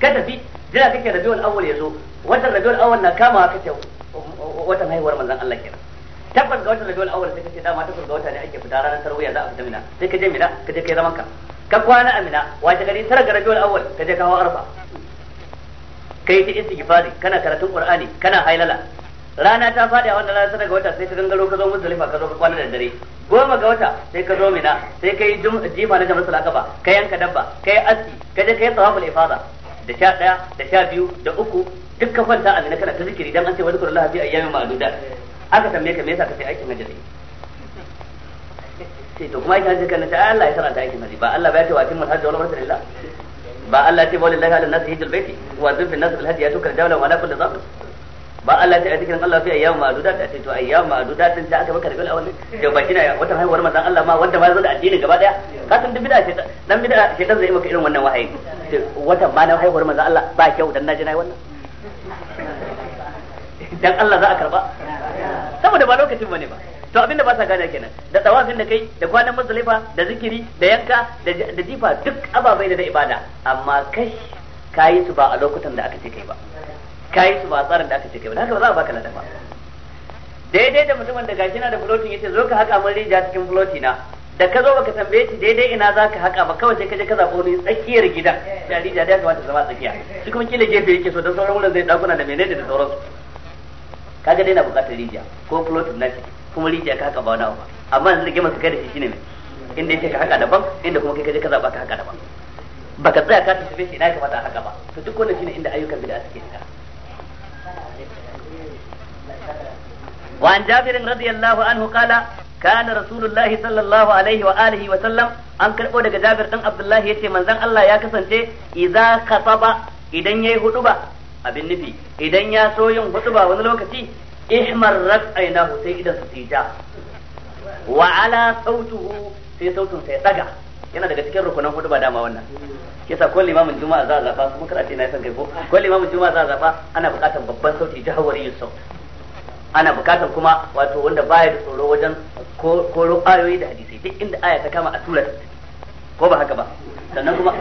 S1: ka tafi jira kake rabiul awwal ya zo watan rabiul awwal na kama ka ce watan haihuwar manzon Allah kenan tabbas ga watan rabiul awwal sai ka ce dama tabbas ga wata ne ake fita ranar tarwiya za a fita mina sai ka je mina ka je kai zaman ka ka kwana a mina wace gari tara ga rabiul awwal ka je kawo arfa kai ta istighfari kana karatun qur'ani kana hailala rana ta fadi a wannan rana ga wata sai ka gangaro ka zo muzdalifa ka zo ka kwana da dare goma ga wata sai ka zo mina sai ka yi jima na jama'a ba ka yanka dabba ka yi aski ka je ka yi tawaful ifada da sha daya da sha biyu da uku duk ka kwanta a mina kana ta zikiri dan an ce wa zikrullahi fi ayyamin ma'dudat aka tambaye ka me yasa ka sai aikin hajji sai to kuma aikin hajji kana ta Allah ya saranta aikin hajji ba Allah ba ya ce wa timmul hajji wala umrata ba Allah ya ce wa lillahi ala nasi hijjul baiti wa zin fi nas bil hajji ya tukar dawla wa ala kulli dhafir ba Allah sai a cikin Allah sai ayyamu ma'dudat a ce to ayyamu ma'dudat din da aka baka daga wannan. da ba kina wata haihuwar manzon Allah ma wanda ma zo da addini gaba daya ka san dubida bid'a ce dan bid'a ce dan zai maka irin wannan wahayi wata ma na haihuwar manzon Allah ba kyau dan naji nayi wannan dan Allah za a karba saboda ba lokacin bane ba to abinda ba sa gane kenan da tawafin da kai da kwanan musulifa da zikiri da yanka da jifa duk ababai da ibada amma kai kayi su ba a lokutan da aka ce kai ba kayi su ba tsarin da aka ce kai ba haka ba za a baka ladan ba daidai da mutumin da gashi na da floating yace zo ka haka mun rija cikin floating na da ka zo baka tambaye shi daidai ina za ka haka ba kawai sai ka je ka zaɓo ni tsakiyar gidan da rija da ya kamata zama tsakiya shi kuma kila gefe yake so don sauran wurin zai dakuna da menene da sauransu kaga dai na buƙatar rija ko floating na shi kuma rija ka haka ba wani abu amma yanzu da gima su kai da shi shine mai inda yake ka haka daban inda kuma kai ka je ka zaɓa ka haka daban baka tsaya ka tafi shi ina ya kamata a haka ba to duk wannan shine inda ayyukan bid'a suke shiga وعن جابر رضي الله عنه قال كان رسول الله صلى الله عليه وآله وسلم أن كربو دقى جابر بن عبد الله يتي من ذن الله يكسن إذا خطب إذن يهدب abin nufi idan ya so yin hutuba wani lokaci ihmar raqainahu sai idan su tija wa ala sautuhu sai sautin sai yana daga cikin rukunan hudu ba dama wannan kisa ko limamin juma'a za a zafa kuma kar a ce na san kai ko ko limamin juma'a za a zafa ana bukatar babban sauti jahawari yusuf ana bukatar kuma wato wanda baya da tsoro wajen koro ayoyi da hadisai duk inda aya ta kama a tura ko ba haka ba sannan kuma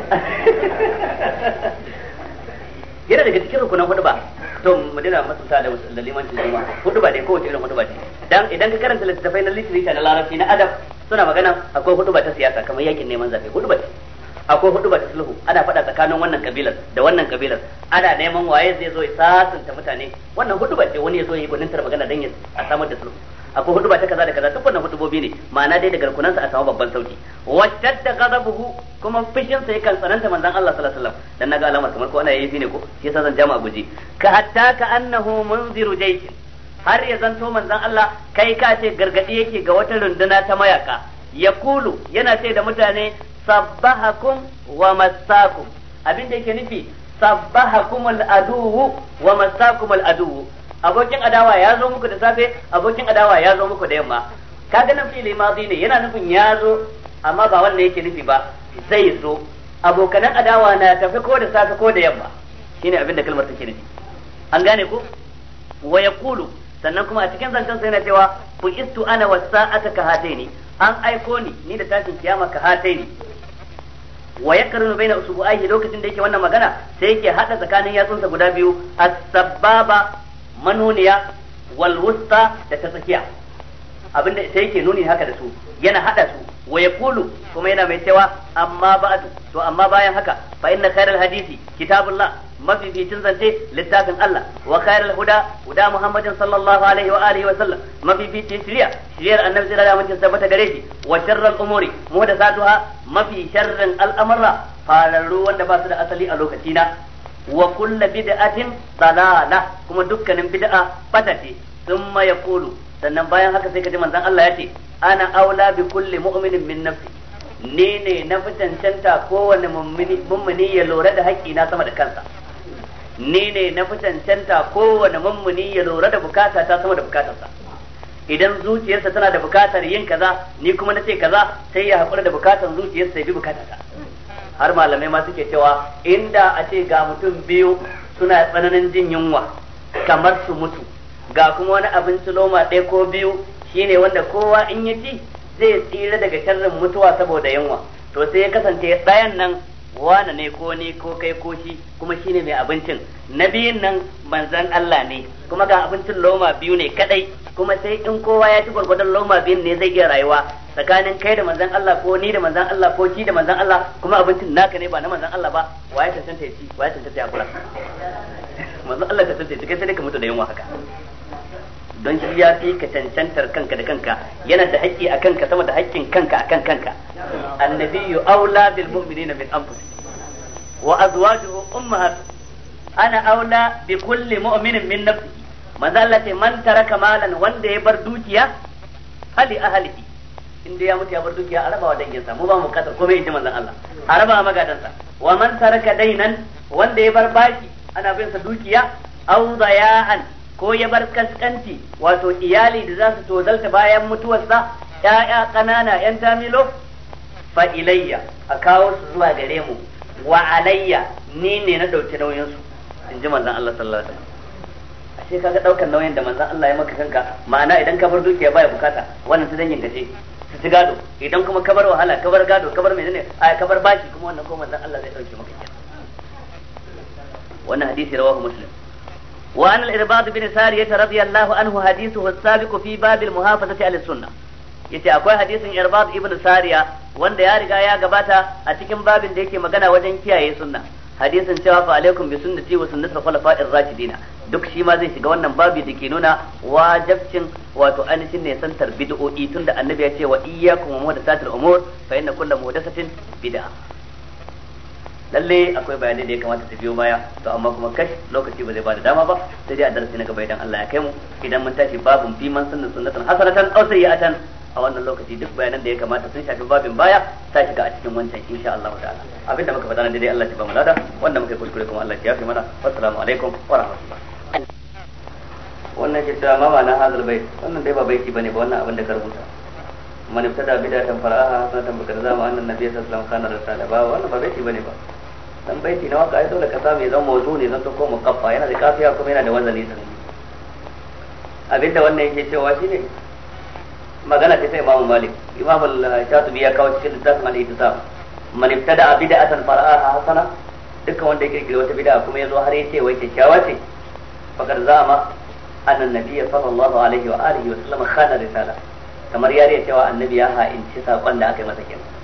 S1: yana daga cikin rukunan hudu ba to mu dina masunta da limancin juma hudu ba dai kowace irin hudu ba ce dan idan ka karanta littattafai na literature na larabci na adab suna magana akwai hudu ba ta siyasa kamar yakin neman zabe hudu ba ce akwai hudu ba ta sulhu ana faɗa tsakanin wannan kabilar da wannan kabilar ana neman waye zai zo ya sasanta mutane wannan hudu ba ce wani ya zo ya yi gwanintar magana don ya a samar da sulhu akwai hudu ba ta kaza da kaza duk wannan hudubobi ne ma'ana dai da garkunansa a samu babban sauki washtadda ghadabuhu kuma sai yakan tsananta manzon Allah sallallahu alaihi wasallam dan naga alama kamar ko ana yayi ne ko shi yasa zan jama'a guji ka hatta ka annahu munziru jaysh har ya zanto manzon Allah kai ka ce gargadi yake ga wata runduna ta mayaka Yakulu yana ce da mutane sabbahakum wa massakum abin da yake nufi sabbahakum al-aduwu wa massakum al-aduwu abokin adawa ya zo muku da safe abokin adawa ya zo muku da yamma kaga nan fili mazi ne yana nufin ya zo amma ba wannan yake nufi ba zai zo abokanan adawa na tafi ko da safe ko da yamma shine abin da kalmar take nufi an gane ku wa yaqulu sannan kuma a cikin zancen sai yana cewa bu istu ana wasa'ata ka hataini an aiko ni ni da tashin kiyama ka hataini wa ya na baina aiki lokacin da yake wannan magana sai yake haɗa tsakanin yatsunsa guda biyu as-sabbaba manuniya wal wusta da ta tsakiya abinda sai yake nuni haka da su yana hada su wa yaqulu kuma yana mai cewa amma ba'du to amma bayan haka fa inna khairal hadisi kitabullah mafificin zance littafin Allah wa khairal huda huda Muhammadin sallallahu alaihi wa alihi wa sallam mafificin shiriya shiriyar annabi sallallahu alaihi wa sallam gare shi wa sharral umuri muhdathatuha mafi sharrin al'amara fararru wanda ba su da asali a lokaci na wa kullu bid'atin dalala kuma dukkanin bid'a bata ce thumma yaqulu sannan bayan haka sai ka ji manzon Allah ya ce ana aula bi kulli mu'minin min nafsi ni ne na fi cancanta kowane mummuni ya lura da haƙƙi na sama da kansa ni ne na fi cancanta kowane mummuni ya lura da bukata ta sama da bukatarsa idan zuciyarsa tana da bukatar yin kaza ni kuma na ce kaza sai ya haƙura da bukatar zuciyarsa ya bi bukatarsa har malamai ma suke cewa inda a ce ga mutum biyu suna tsananin jin yunwa kamar su mutu ga kuma wani abinci loma ɗaya ko biyu shine wanda kowa in ya ci zai tsira daga sharrin mutuwa saboda yunwa to sai ya kasance ɗayan nan wane ne ko ni ko kai ko shi kuma shine mai abincin na biyun nan manzan Allah ne kuma ga abincin loma biyu ne kadai kuma sai in kowa ya ci gwargwadon loma biyun ne zai iya rayuwa tsakanin kai da manzan Allah ko ni da manzan Allah ko shi da manzan Allah kuma abincin naka ne ba na manzan Allah ba waye tantance ya ci waye tantance ya kula manzan Allah ka tantance kai sai ka mutu da yunwa haka don shi ya fi ka cancantar kanka da kanka yana da haƙƙi a kanka sama da haƙƙin kanka a kan kanka annabiyyu aula bil mu'minina min anfusihim wa azwajuhu ummahatuhum ana aula bi kulli mu'minin min nafsihi manzo Allah ce man taraka malan wanda ya bar dukiya hali ahlihi inda ya mutu ya bar dukiya a wa danginsa mu ba mu kasar komai in ji manzon Allah a wa magadansa wa man taraka dainan wanda ya bar baki ana bin sa dukiya aw daya'an ko ya bar kaskanci wato iyali da za su tozalta bayan mutuwarsa ƴaƴa ƙanana ƴan tamilo fa ilayya a kawo su zuwa gare mu wa alayya ni ne na ɗauki nauyin su in ji manzon Allah sallallahu alaihi wasallam ashe kaga ɗaukar nauyin da manzon Allah ya maka kanka ma'ana idan ka bar dukiya baya bukata wannan ta dangin gaje su ci gado idan kuma kabar wahala kabar gado kabar menene a kabar bashi kuma wannan ko manzon Allah zai dauke maka wannan hadisi rawahu muslim وعن الإرباض بن سارية رضي الله عنه حديثه السابق في باب المحافظة على السنة yace akwai hadisin Irbad ibn Sariya wanda ya riga ya gabata a cikin babin da yake magana wajen kiyaye sunna hadisin cewa fa alaikum bi sunnati wa sunnati khulafa'ir rashidina duk shi ma zai shiga wannan babi da ke nuna wajabcin wato ainihin ne santar bid'o'i tunda annabi ya ce wa iyyakum wa muhdathatil umur fa inna kullu muhdathatin bid'a lalle akwai bayanai da ya kamata ta biyo baya to amma kuma kai lokaci ba zai bada dama ba sai dai a darasi na gaba idan Allah ya kai mu idan mun tashi babin fi man sunna sunnatan hasanatan aw sayyatan a wannan lokaci duk bayanan da ya kamata sun shafi babin baya ta shiga a cikin wancan insha Allah ta'ala da muka faɗa nan dai Allah ya ba mu lada wanda muka kuskure kuma Allah ya fi mana assalamu alaikum wa rahmatullahi wannan da ma na hazal bai wannan dai ba baiti bane ba wannan abin da ka rubuta man ibtada bid'atan fara'aha sanatan bi kadza ma anna nabiyya sallallahu alaihi wasallam kana rasala ba wannan ba baiti bane ba dan baiti na waka ai dole ka samu ya zama mawzu ne zan ko mukaffa yana da kafiya kuma yana da wazani sanin abinda wannan yake cewa shine magana ce ta Imam Malik Imam al-Shatibi ya kawo cikin littafin al ittisab man ibtada bid'atan fara'aha hasana dukkan wanda ya kirkiri wata bid'a kuma ya zo har ya ce wai kyakkyawa ce fakar zama anna nabiyya sallallahu alaihi wa alihi wa sallam khana risala kamar ya cewa annabi ya ha'inci sakon da aka yi masa kenan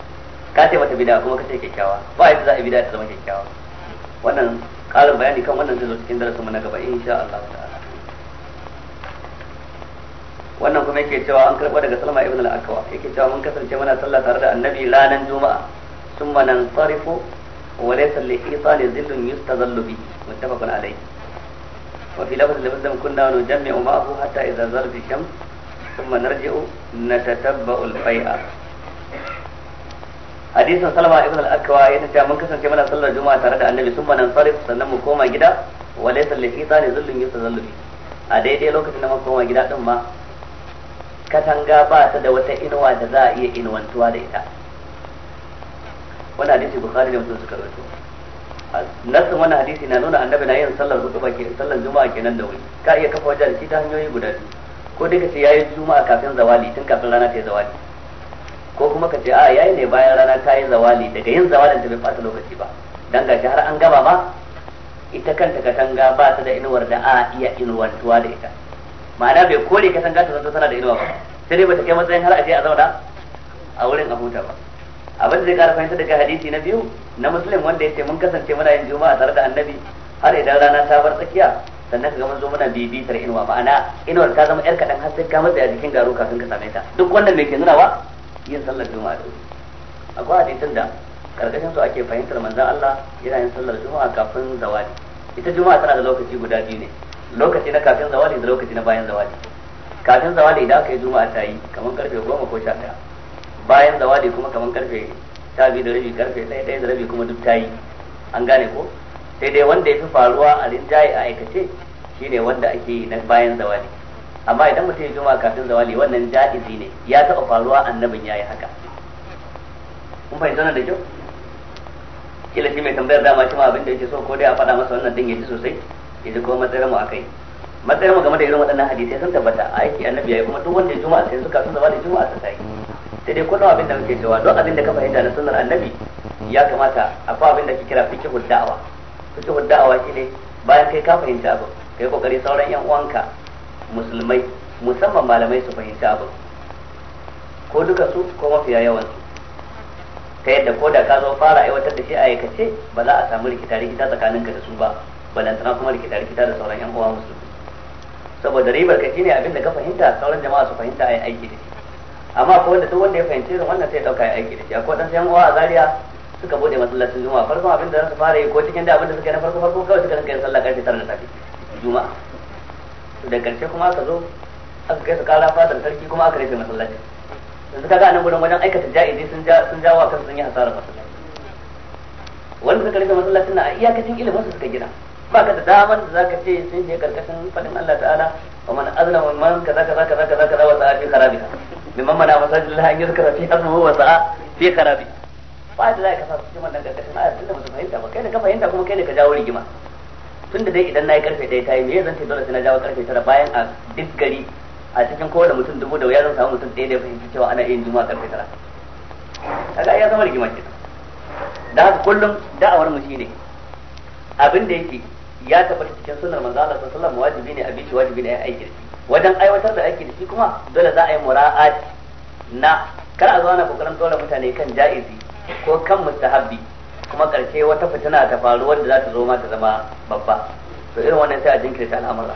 S1: ka ce mata bid'a kuma ka ce kyakkyawa ba yadda za a bid'a ta zama kyakkyawa wannan ƙarin bayani kan wannan zai zo cikin darasin mu na gaba insha Allah ta'ala wannan kuma yake cewa an karɓa daga Salma ibn al-Akwa yake cewa mun kasance muna sallah tare da Annabi ranar Juma'a summa nan sarifu wa laysa li isali zillun yustazallu bi muttafaqun alayhi وفي لفظ لمسلم كنا نجمع معه حتى إذا زالت الشمس ثم نرجع نتتبع البيعة hadisin salama ibn al-akwa yana cewa mun kasance muna sallar juma'a tare da annabi sun banan sarif sannan mu koma gida wa laysa lafi tsani zullun yusa zullubi a daidai lokacin da mun koma gida din ma katanga ba ta da wata inuwa da za a iya inuwantuwa da ita wannan hadisi bukhari da muslim suka rawaito nasu wani hadisi na nuna annabi na yin sallar hutuba ke sallar juma'a kenan da wuri ka iya kafa wajen shi ta hanyoyi guda biyu ko dai ka ce yayi juma'a kafin zawali tun kafin rana ta yi zawali ko kuma ka ce a yayi ne bayan rana ta yi zawali daga yin zawalin ta bai fata lokaci ba dan gashi har an gaba ba ita kanta katanga ba ta da inuwar da a iya inuwantuwa da ita ma'ana bai kore katanga ta zanto tana da inuwa ba sai dai bata kai matsayin har a je a zauna a wurin a huta ba abin da zai kara fahimta daga hadisi na biyu na musulun wanda ya ce mun kasance muna yin juma'a tare da annabi har idan rana ta bar tsakiya sannan ka ga mun zo muna bibitar inuwa ma'ana inuwar ta zama yar kaɗan har sai ka matsa a jikin garo kafin ka same ta duk wannan mai ke nunawa yin sallar juma'a akwai hadisin da karkashin su ake fahimtar manzon Allah yana yin sallar juma'a kafin zawali ita juma'a tana da lokaci guda biyu ne lokaci na kafin zawali da lokaci na bayan zawali kafin zawali idan aka yi juma'a ta yi kamar karfe goma ko sha ɗaya bayan zawali kuma kamar karfe sha biyu da rabi karfe ɗaya ɗaya da rabi kuma duk ta yi an gane ko sai dai wanda ya fi faruwa a rinjaye a aikace shine wanda ake yi na bayan zawali amma idan mutum ya juma'a kafin zawali wannan ja'izi ne ya taɓa faruwa annabin ya yi haka kun fahimta nan da kyau kila shi mai tambayar dama shi ma abin da yake so ko dai a faɗa masa wannan din ya ji sosai ya ji kuma matsayin mu akai matsayin mu game da irin waɗannan hadisai sun tabbata a aiki annabi ya yi kuma duk wanda ya juma'a sai suka sun zawali juma'a ta sai sai dai kullum abin da muke cewa don abin da ka fahimta na sunnar annabi ya kamata akwai abin da ke kira hudda'awa fiki hudda'awa shi ne bayan kai ka fahimta abin kai kokari sauran yan uwanka musulmai musamman malamai su fahimci abu ko duka su ko mafiya yawan su ta yadda ko da ka zo fara aiwatar da shi a aikace ba za a samu rikita rikita ka da su ba balantana kuma rikita rikita da sauran yan uwa musulmi saboda ribar ka shine abin da ka fahimta sauran jama'a su fahimta a aiki da shi amma ko wanda duk wanda ya fahimci irin wannan sai ya dauka aiki da shi akwai dan yan uwa a Zaria suka bude masallacin juma'a farkon abin da za su fara yi ko cikin da abin da suka yi na farko farko kawai suka rinka yin sallah karfe 9 na safe juma'a da karshe kuma aka zo aka kai su kara fadar sarki kuma aka rufe masallaci yanzu kaga nan gurin wajen aikata ja'izi sun ja sun jawo kan sun yi hasara masallaci wanda suka rufe masallacin na iyakacin ilimin su suka gina ba ka da daman da zaka ce sun je karkashin fadin Allah ta'ala wa man azlama man kaza kaza kaza kaza kaza wa sa'a fi kharabiha mimman mana masajidillahi an yuzkara fi azmuhu wa sa'a fi kharabiha ba da za ka sa su cikin wannan karkashin ayar tunda ba su fahimta ba kai ne ka fahimta kuma kai ne ka jawo rigima tun da dai idan na yi karfe ɗaya ta yi me zan ce dole sai na jawo karfe tara bayan a duk gari a cikin kowane mutum dubu da wuya zan samu mutum ɗaya da ya fahimci cewa ana yin juma'a karfe tara kaga ya zama rigima kenan da haka kullum da'awar mu shine abin da yake ya tabbata cikin sunnar manzo Allah sallallahu alaihi wajibi ne a bi wajibi ne a aiki da shi wajen aiwatar da aiki da shi kuma dole za a yi mura'at na kar a zo ana kokarin dora mutane kan ja'izi ko kan mustahabbi kuma karshe wata fitina ta faru wanda za ta zo ma ta zama babba to irin wannan sai a jinkirta al'amura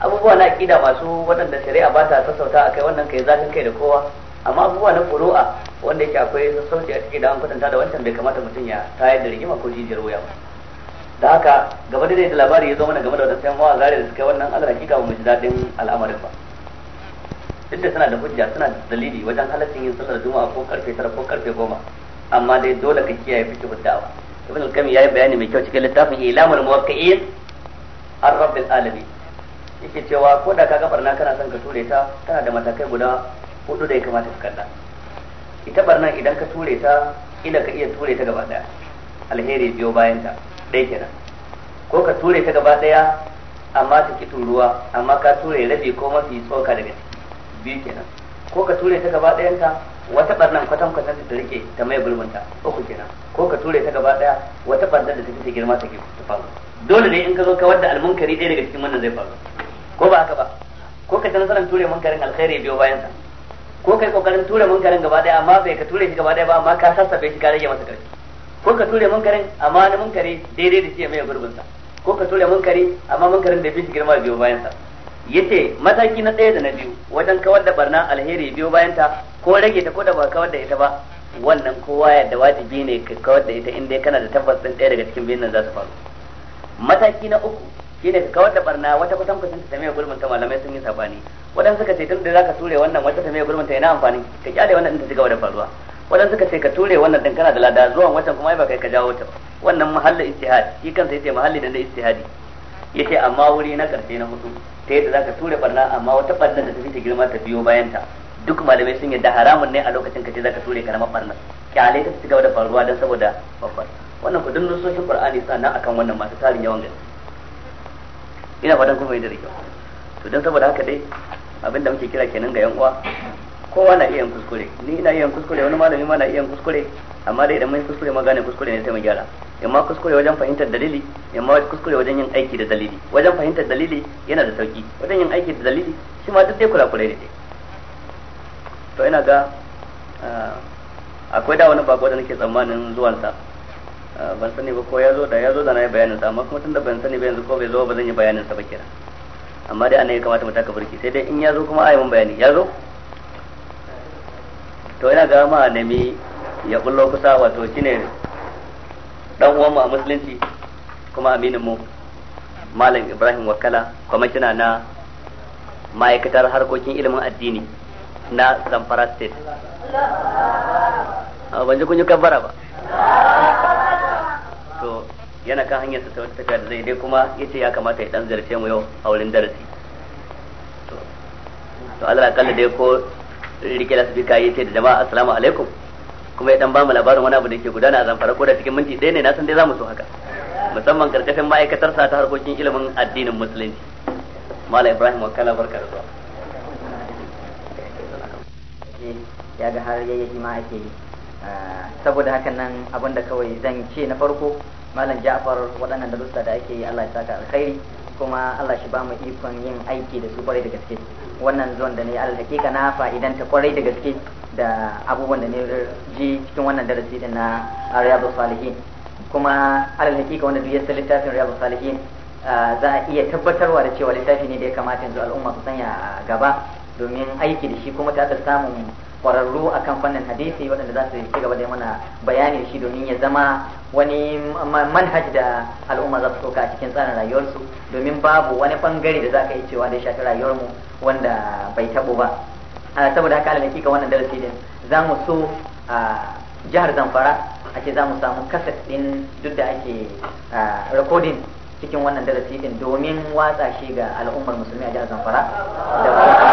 S1: abubuwa na akida masu waɗanda shari'a ba ta sassauta akai wannan kai zafin kai da kowa amma abubuwa na furu'a wanda yake akwai sassauci a cikin da an kwatanta da wancan bai kamata mutum ya tayar da rigima ko jijiyar wuya ba da haka gaba da da labari ya zo mana game da wadansu yan mawa zare da suka wannan alal hakika mu ji daɗin al'amarin ba duk da suna da hujja suna da dalili wajen halaccin yin sallar juma'a ko karfe tara ko karfe goma amma dai dole ka kiyaye fiqhud da'wa ibn al kami yayi bayani mai kyau cikin littafin ilamul muwaqqi'in ar-rabbil alamin yake cewa ko da kaga barna kana son ka ture ta tana da matakai guda hudu da ya kamata ka kalla ita barna idan ka ture ta idan ka iya ture ta gaba daya alheri biyo bayan ta dai kenan ko ka ture ta gaba daya amma ta ki ruwa amma ka ture rabi ko mafi tsoka daga ciki biyu kenan ko ka ture ta gaba dayan ta wata barnan kwatan kwatan da rike ta mai gulmunta uku kenan ko ka ture ta gaba daya wata barnan da ta girma ta ke ta faru dole ne in ka zo ka wadda almunkari ɗaya daga cikin wannan zai faru ko ba haka ba ko ka ta nasarar ture munkarin alkhairi biyo bayan sa ko kai kokarin ture munkarin gaba daya amma bai ka ture shi gaba daya ba amma ka sassafe shi ka rage masa karfi ko ka ture munkarin amma na munkari daidai da shi ya mai gurbin ko ka ture munkari amma munkarin da bishi shi girma biyo bayan sa yace mataki na ɗaya da na biyu wajen kawar da barna alheri biyo bayan ta ko rage ta ko da ba kawar da ita ba wannan kowa ya da wajibi ne ka kawar da ita inda kana da tabbas din ɗaya daga cikin biyun nan za su faru mataki na uku shine ka kawar da barna wata kusan kusan ta mai gurbin ta malamai sun yi sabani wadan suka ce tun da zaka ture wannan wata ta mai gurbin ta yana amfani ka kyale wannan din ta cigaba da faruwa wadan suka ce ka ture wannan din kana da lada zuwan wancan kuma ai ba kai ka jawo ta wannan muhalli ijtihad shi kansa yace mahalli da ijtihadi yace amma wuri na karshe na hudu ta yadda zaka ture barna amma wata barna da ta fi girma ta biyo bayan ta duk malamai sun yadda haramun ne a lokacin ka ce zaka ture karamar barna kyale ta ci gaba da faruwa dan saboda babbar wannan ku dindin soshin qur'ani sannan akan wannan masu tarin yawan gani ina fatan kuma da rike to dan saboda haka dai abin da muke kira kenan ga yan uwa kowa na iya yin kuskure ni ina iya yin kuskure wani malami ma na iya yin kuskure amma dai idan mai kuskure ma gane kuskure ne sai mu gyara amma kuskure wajen fahimtar dalili amma kuskure wajen yin aiki da dalili wajen fahimtar dalili yana da sauki wajen yin aiki da dalili shi ma duk dai kula ne dai to ina ga ah, akwai da wani bako da nake tsammanin zuwansa ah, ban sani ba ko ya zo da ya zo da na yi bayanin sa amma kuma tunda ban sani ba yanzu ko bai zo ba zan yi bayanin sa ba kenan amma dai anan ya kamata mu taka burki sai dai in ya zo kuma yi mun bayani ya zo to ina ga ma nemi ya bullo kusa wato shine dan uwan mu a musulunci kuma aminin mu malam Ibrahim Wakala kwamishina na ma'aikatar harkokin ilimin addini na zamfara state
S2: ah,
S1: ban banji kun yi kabbara ba to yana kan hanyar sa ta wata tafiya da zai dai kuma yace ya kamata ya dan zarce mu yau a wurin darasi to to Allah akalla dai ko rike da spika yace da jama'a assalamu alaikum kuma ya dan ba mu labarin wani abu da yake gudana a zamfara ko da cikin minti ɗaya ne na san dai zamu so haka musamman karkashin ma'aikatar sa ta harkokin ilimin addinin musulunci Malam Ibrahim Wakala barka da zuwa
S3: ce ya ga har yayyaki ma ake yi ah, saboda hakan nan abin kawai zan ce na farko malam ja'far waɗannan darussa da ake yi Allah ya saka alkhairi kuma Allah shi ba mu ikon yin aiki da su kwarai da gaske wannan zuwan da ne alhaƙiƙa na idan ta kwarai da gaske da abubuwan da ne ji cikin wannan darasi din na riyadu salihin kuma alhaƙiƙa wanda duk ya san littafin riyadu salihin ah, za a iya tabbatarwa da cewa littafi ne da ya kamata yanzu al'umma su sanya gaba domin aiki da shi kuma ta da samun kwararru a kan fannin hadisi waɗanda za su ci gaba da mana bayani shi domin ya zama wani manhaj da al'umma za su soka a cikin tsarin rayuwarsu domin babu wani bangare da za ka yi cewa da ya shafi rayuwarmu wanda bai taɓo ba saboda haka alal ka wannan darasi din za mu so a jihar zamfara a ce za mu samu kaset ɗin duk da ake rikodin cikin wannan darasi din domin watsa shi ga al'ummar musulmi a jihar zamfara da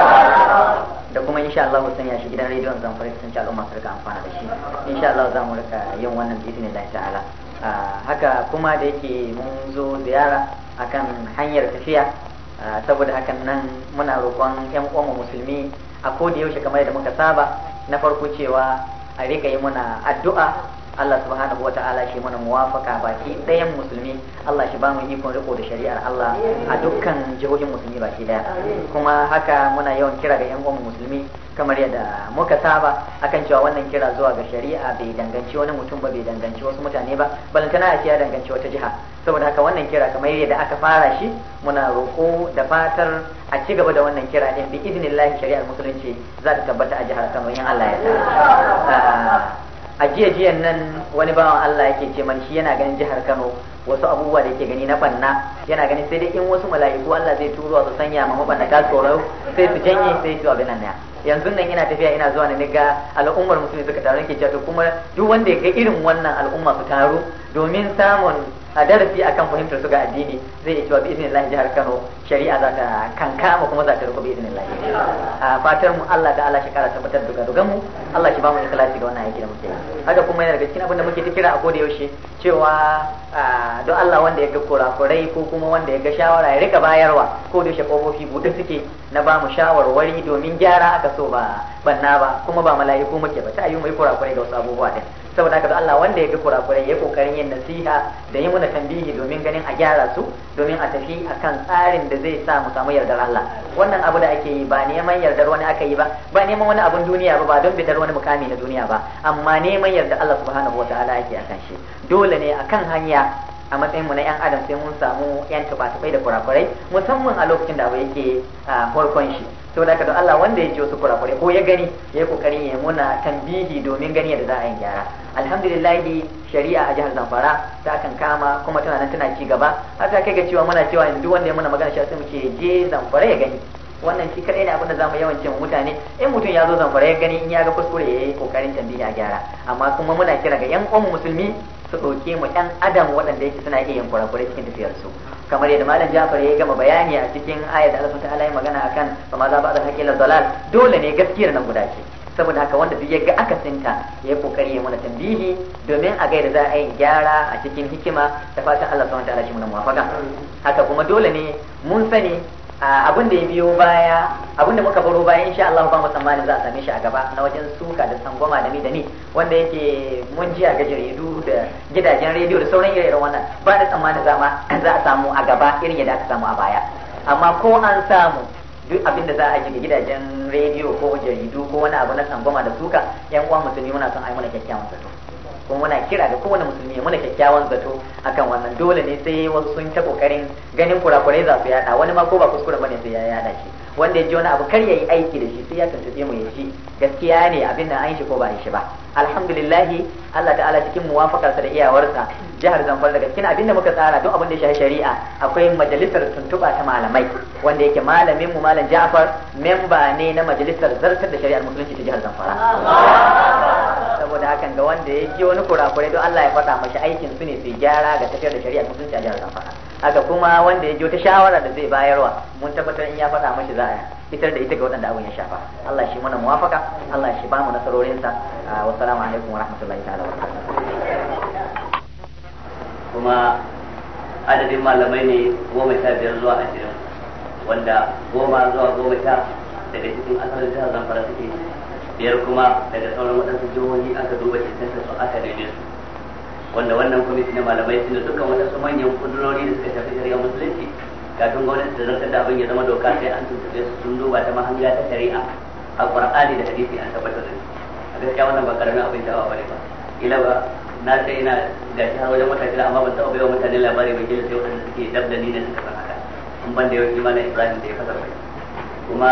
S3: insha Allah sanya shi gidan rediyon zan fara ci al'umma su rika amfana da shi insha Allah za mu rika yin wannan ne Allah ta'ala ah, haka kuma da yake mun zo ziyara akan hanyar tafiya ah, saboda hakan nan muna roƙon yan uwan musulmi a koda yaushe kamar da muka saba na farko cewa a rika yi muna addu'a Allah subhanahu wata'ala shi mana muwafaka baki ɗayan musulmi Allah shi mu ikon riko da shari'ar Allah a dukkan jihohin musulmi baki ɗaya kuma haka muna yawan kira ga 'yan uwan musulmi kamar yadda muka saba akan cewa wannan kira zuwa ga shari'a bai danganci wani mutum ba bai danganci wasu mutane ba balantana a ya danganci wata jiha saboda haka wannan kira kamar yadda aka fara shi muna roƙo da fatar a ci gaba da wannan kira din bi idnillahi shari'ar musulunci za ta tabbata a jihar Kano yin Allah ya ta a jiya jiyan nan wani bawan Allah yake ce man shi yana ganin jihar Kano wasu abubuwa da yake gani na banna yana gani sai dai in wasu mala'iku Allah zai turo su sanya ma mabannata tsoro sai su janye sai su abin nan yanzu nan ina tafiya ina zuwa ne ga al'ummar musulmi suka taru nake cewa kuma duk wanda ya ga irin wannan al'umma su taru domin samun a darasi akan fahimtar su ga addini zai iya cewa bi izinin lahi jihar Kano shari'a za ta kankama kuma za ta riko bi izinin lahi a fatar mu Allah da Allah shi kara tabbatar da dogan mu Allah shi ba mu ikhlasi ga wannan aiki da muke haka kuma yana daga cikin abin muke ta kira a koda yaushe cewa don Allah wanda ya ga kurakurai ko kuma wanda ya ga shawara ya rika bayarwa ko da yaushe kofofi bude suke na ba mu shawarwari domin gyara aka so ba banna ba kuma ba mala'iku muke ba ta yi mu yi kurakurai da wasu abubuwa din saboda haka Allah wanda ya ga kurakurai ya kokarin yin nasiha da yi muna tambihi domin ganin a gyara su domin a tafi akan tsarin da zai sa mu samu yardar Allah wannan abu da ake yi ba neman yardar wani aka yi ba ba neman wani abun duniya ba ba don bidar wani mukami na duniya ba amma neman yardar Allah subhanahu wataala ake akan shi dole ne akan hanya a matsayin mu na yan adam sai mun samu yan tabatabai da kurakurai musamman a lokacin da abu yake ah, farkon shi saboda haka don Allah wanda ya ji wasu kurakurai ko ya gani ya yi kokarin ya muna tambihi domin gani yadda za a yi gyara alhamdulillah shari'a a jihar Zamfara ta kan kama kuma tana nan tana ci gaba har ta kai ga cewa muna cewa yanzu wanda ya muna magana shi sai muke je Zamfara ya gani wannan shi kadai ne abin da zamu yawan ce mu mutane in mutum ya zo Zamfara ya gani in ya ga kuskure ya yi kokarin tambihi a gyara amma kuma muna kira ga yan uwan musulmi su ɗauke mu 'yan adam waɗanda yake suna iya yin kurakurai cikin tafiyar su. kamar yadda malam Jafar ya gama bayani a cikin ayat Allah ta'ala ya magana akan fa ma za ba da hakilan dalal dole ne gaskiyar na guda ce saboda haka wanda duk ya ga akasinta ya kokari ya muna tambihi domin a gaida za a yi gyara a cikin hikima da fatan Allah subhanahu wa ta'ala shi mu muwafaka haka kuma dole ne mun sani abin da ya biyo baya abin da muka baro baya insha Allah ba mu tsammanin za a same shi a gaba na wajen suka da sangoma da ni da ni wanda yake mun ji a ga jaridu da gidajen rediyo da sauran ire-iren wannan ba da tsammanin za za a samu a gaba irin yadda aka samu a baya amma ko an samu duk abin da za a ji gidajen rediyo ko jaridu ko wani abu na sangoma da suka yan uwa musulmi muna son ai mana kyakkyawan zato kuma muna kira da kowane musulmi muna kyakkyawan zato akan wannan dole ne sai wasu sun ta kokarin ganin kurakurai za su yada wani ma ko ba kuskure bane sai ya yada shi wanda ya ji wani abu kar ya yi aiki da shi sai ya tuntube mu ya ji gaskiya ne abin da an shi ko ba shi ba alhamdulillah Allah ta'ala cikin muwafakarsa da iyawarsa jihar Zamfara daga cikin abin da muka tsara don abin da ya shari'a akwai majalisar tuntuba ta malamai wanda yake malamin mu malam Ja'far memba ne na majalisar zartar da shari'ar musulunci ta jihar Zamfara saboda hakan ga wanda ya ji wani kurakurai don Allah ya faɗa mashi aikin su ne su gyara ga tafiyar da shari'a mutunci a gyara kafa haka kuma wanda ya ji wata shawara da zai bayarwa mun tabbatar in ya faɗa mashi za a fitar da ita ga waɗanda abin ya shafa Allah shi mana muwafaka Allah shi ba mu nasarorinsa ah, salamu alaikum wa rahmatullahi ta'ala wa kuma
S1: adadin malamai ne goma sha biyar zuwa ashirin wanda goma zuwa goma sha daga cikin asalin jihar Zamfara suke biyar kuma daga sauran waɗansu jihohi aka duba cikin su aka daidai su wanda wannan kwamiti na malamai suna dukkan waɗansu manyan kudurori da suka shafi shari'a musulunci kafin gwamnati da zartar da abin ya zama doka sai an tuntuɓe su sun duba ta mahanga ta shari'a a ƙur'ani da hadisi an tabbatar da su a gaskiya wannan ba ƙaramin abin ba bane ba ila ba na sai ina ga shi har wajen wata shida amma ban taɓa baiwa mutane labari mai gina sai waɗanda suke dab da ni ne suka san haka in ban da yawanci malam ibrahim da ya fasa bai kuma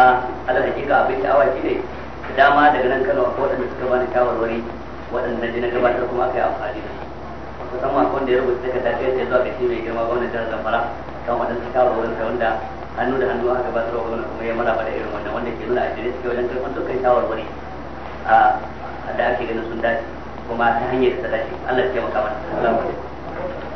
S1: ala hakika abin awa shi ne dama daga nan Kano akwai waɗanda suka bani shawarwari waɗanda ji na gabatar kuma aka yi amfani da su musamman akwai wanda ya rubuta daga dace da zuwa ga shi mai girma gwamnan jihar Zamfara kan waɗansu shawarwarin da wanda hannu da hannu aka gabatar wa gwamnan kuma ya maraba da irin wannan wanda ke nuna a jere suke wajen karɓar dukkan shawarwari a da ake ganin sun dace kuma ta hanyar da ta dace Allah ya taimaka mana assalamu alaikum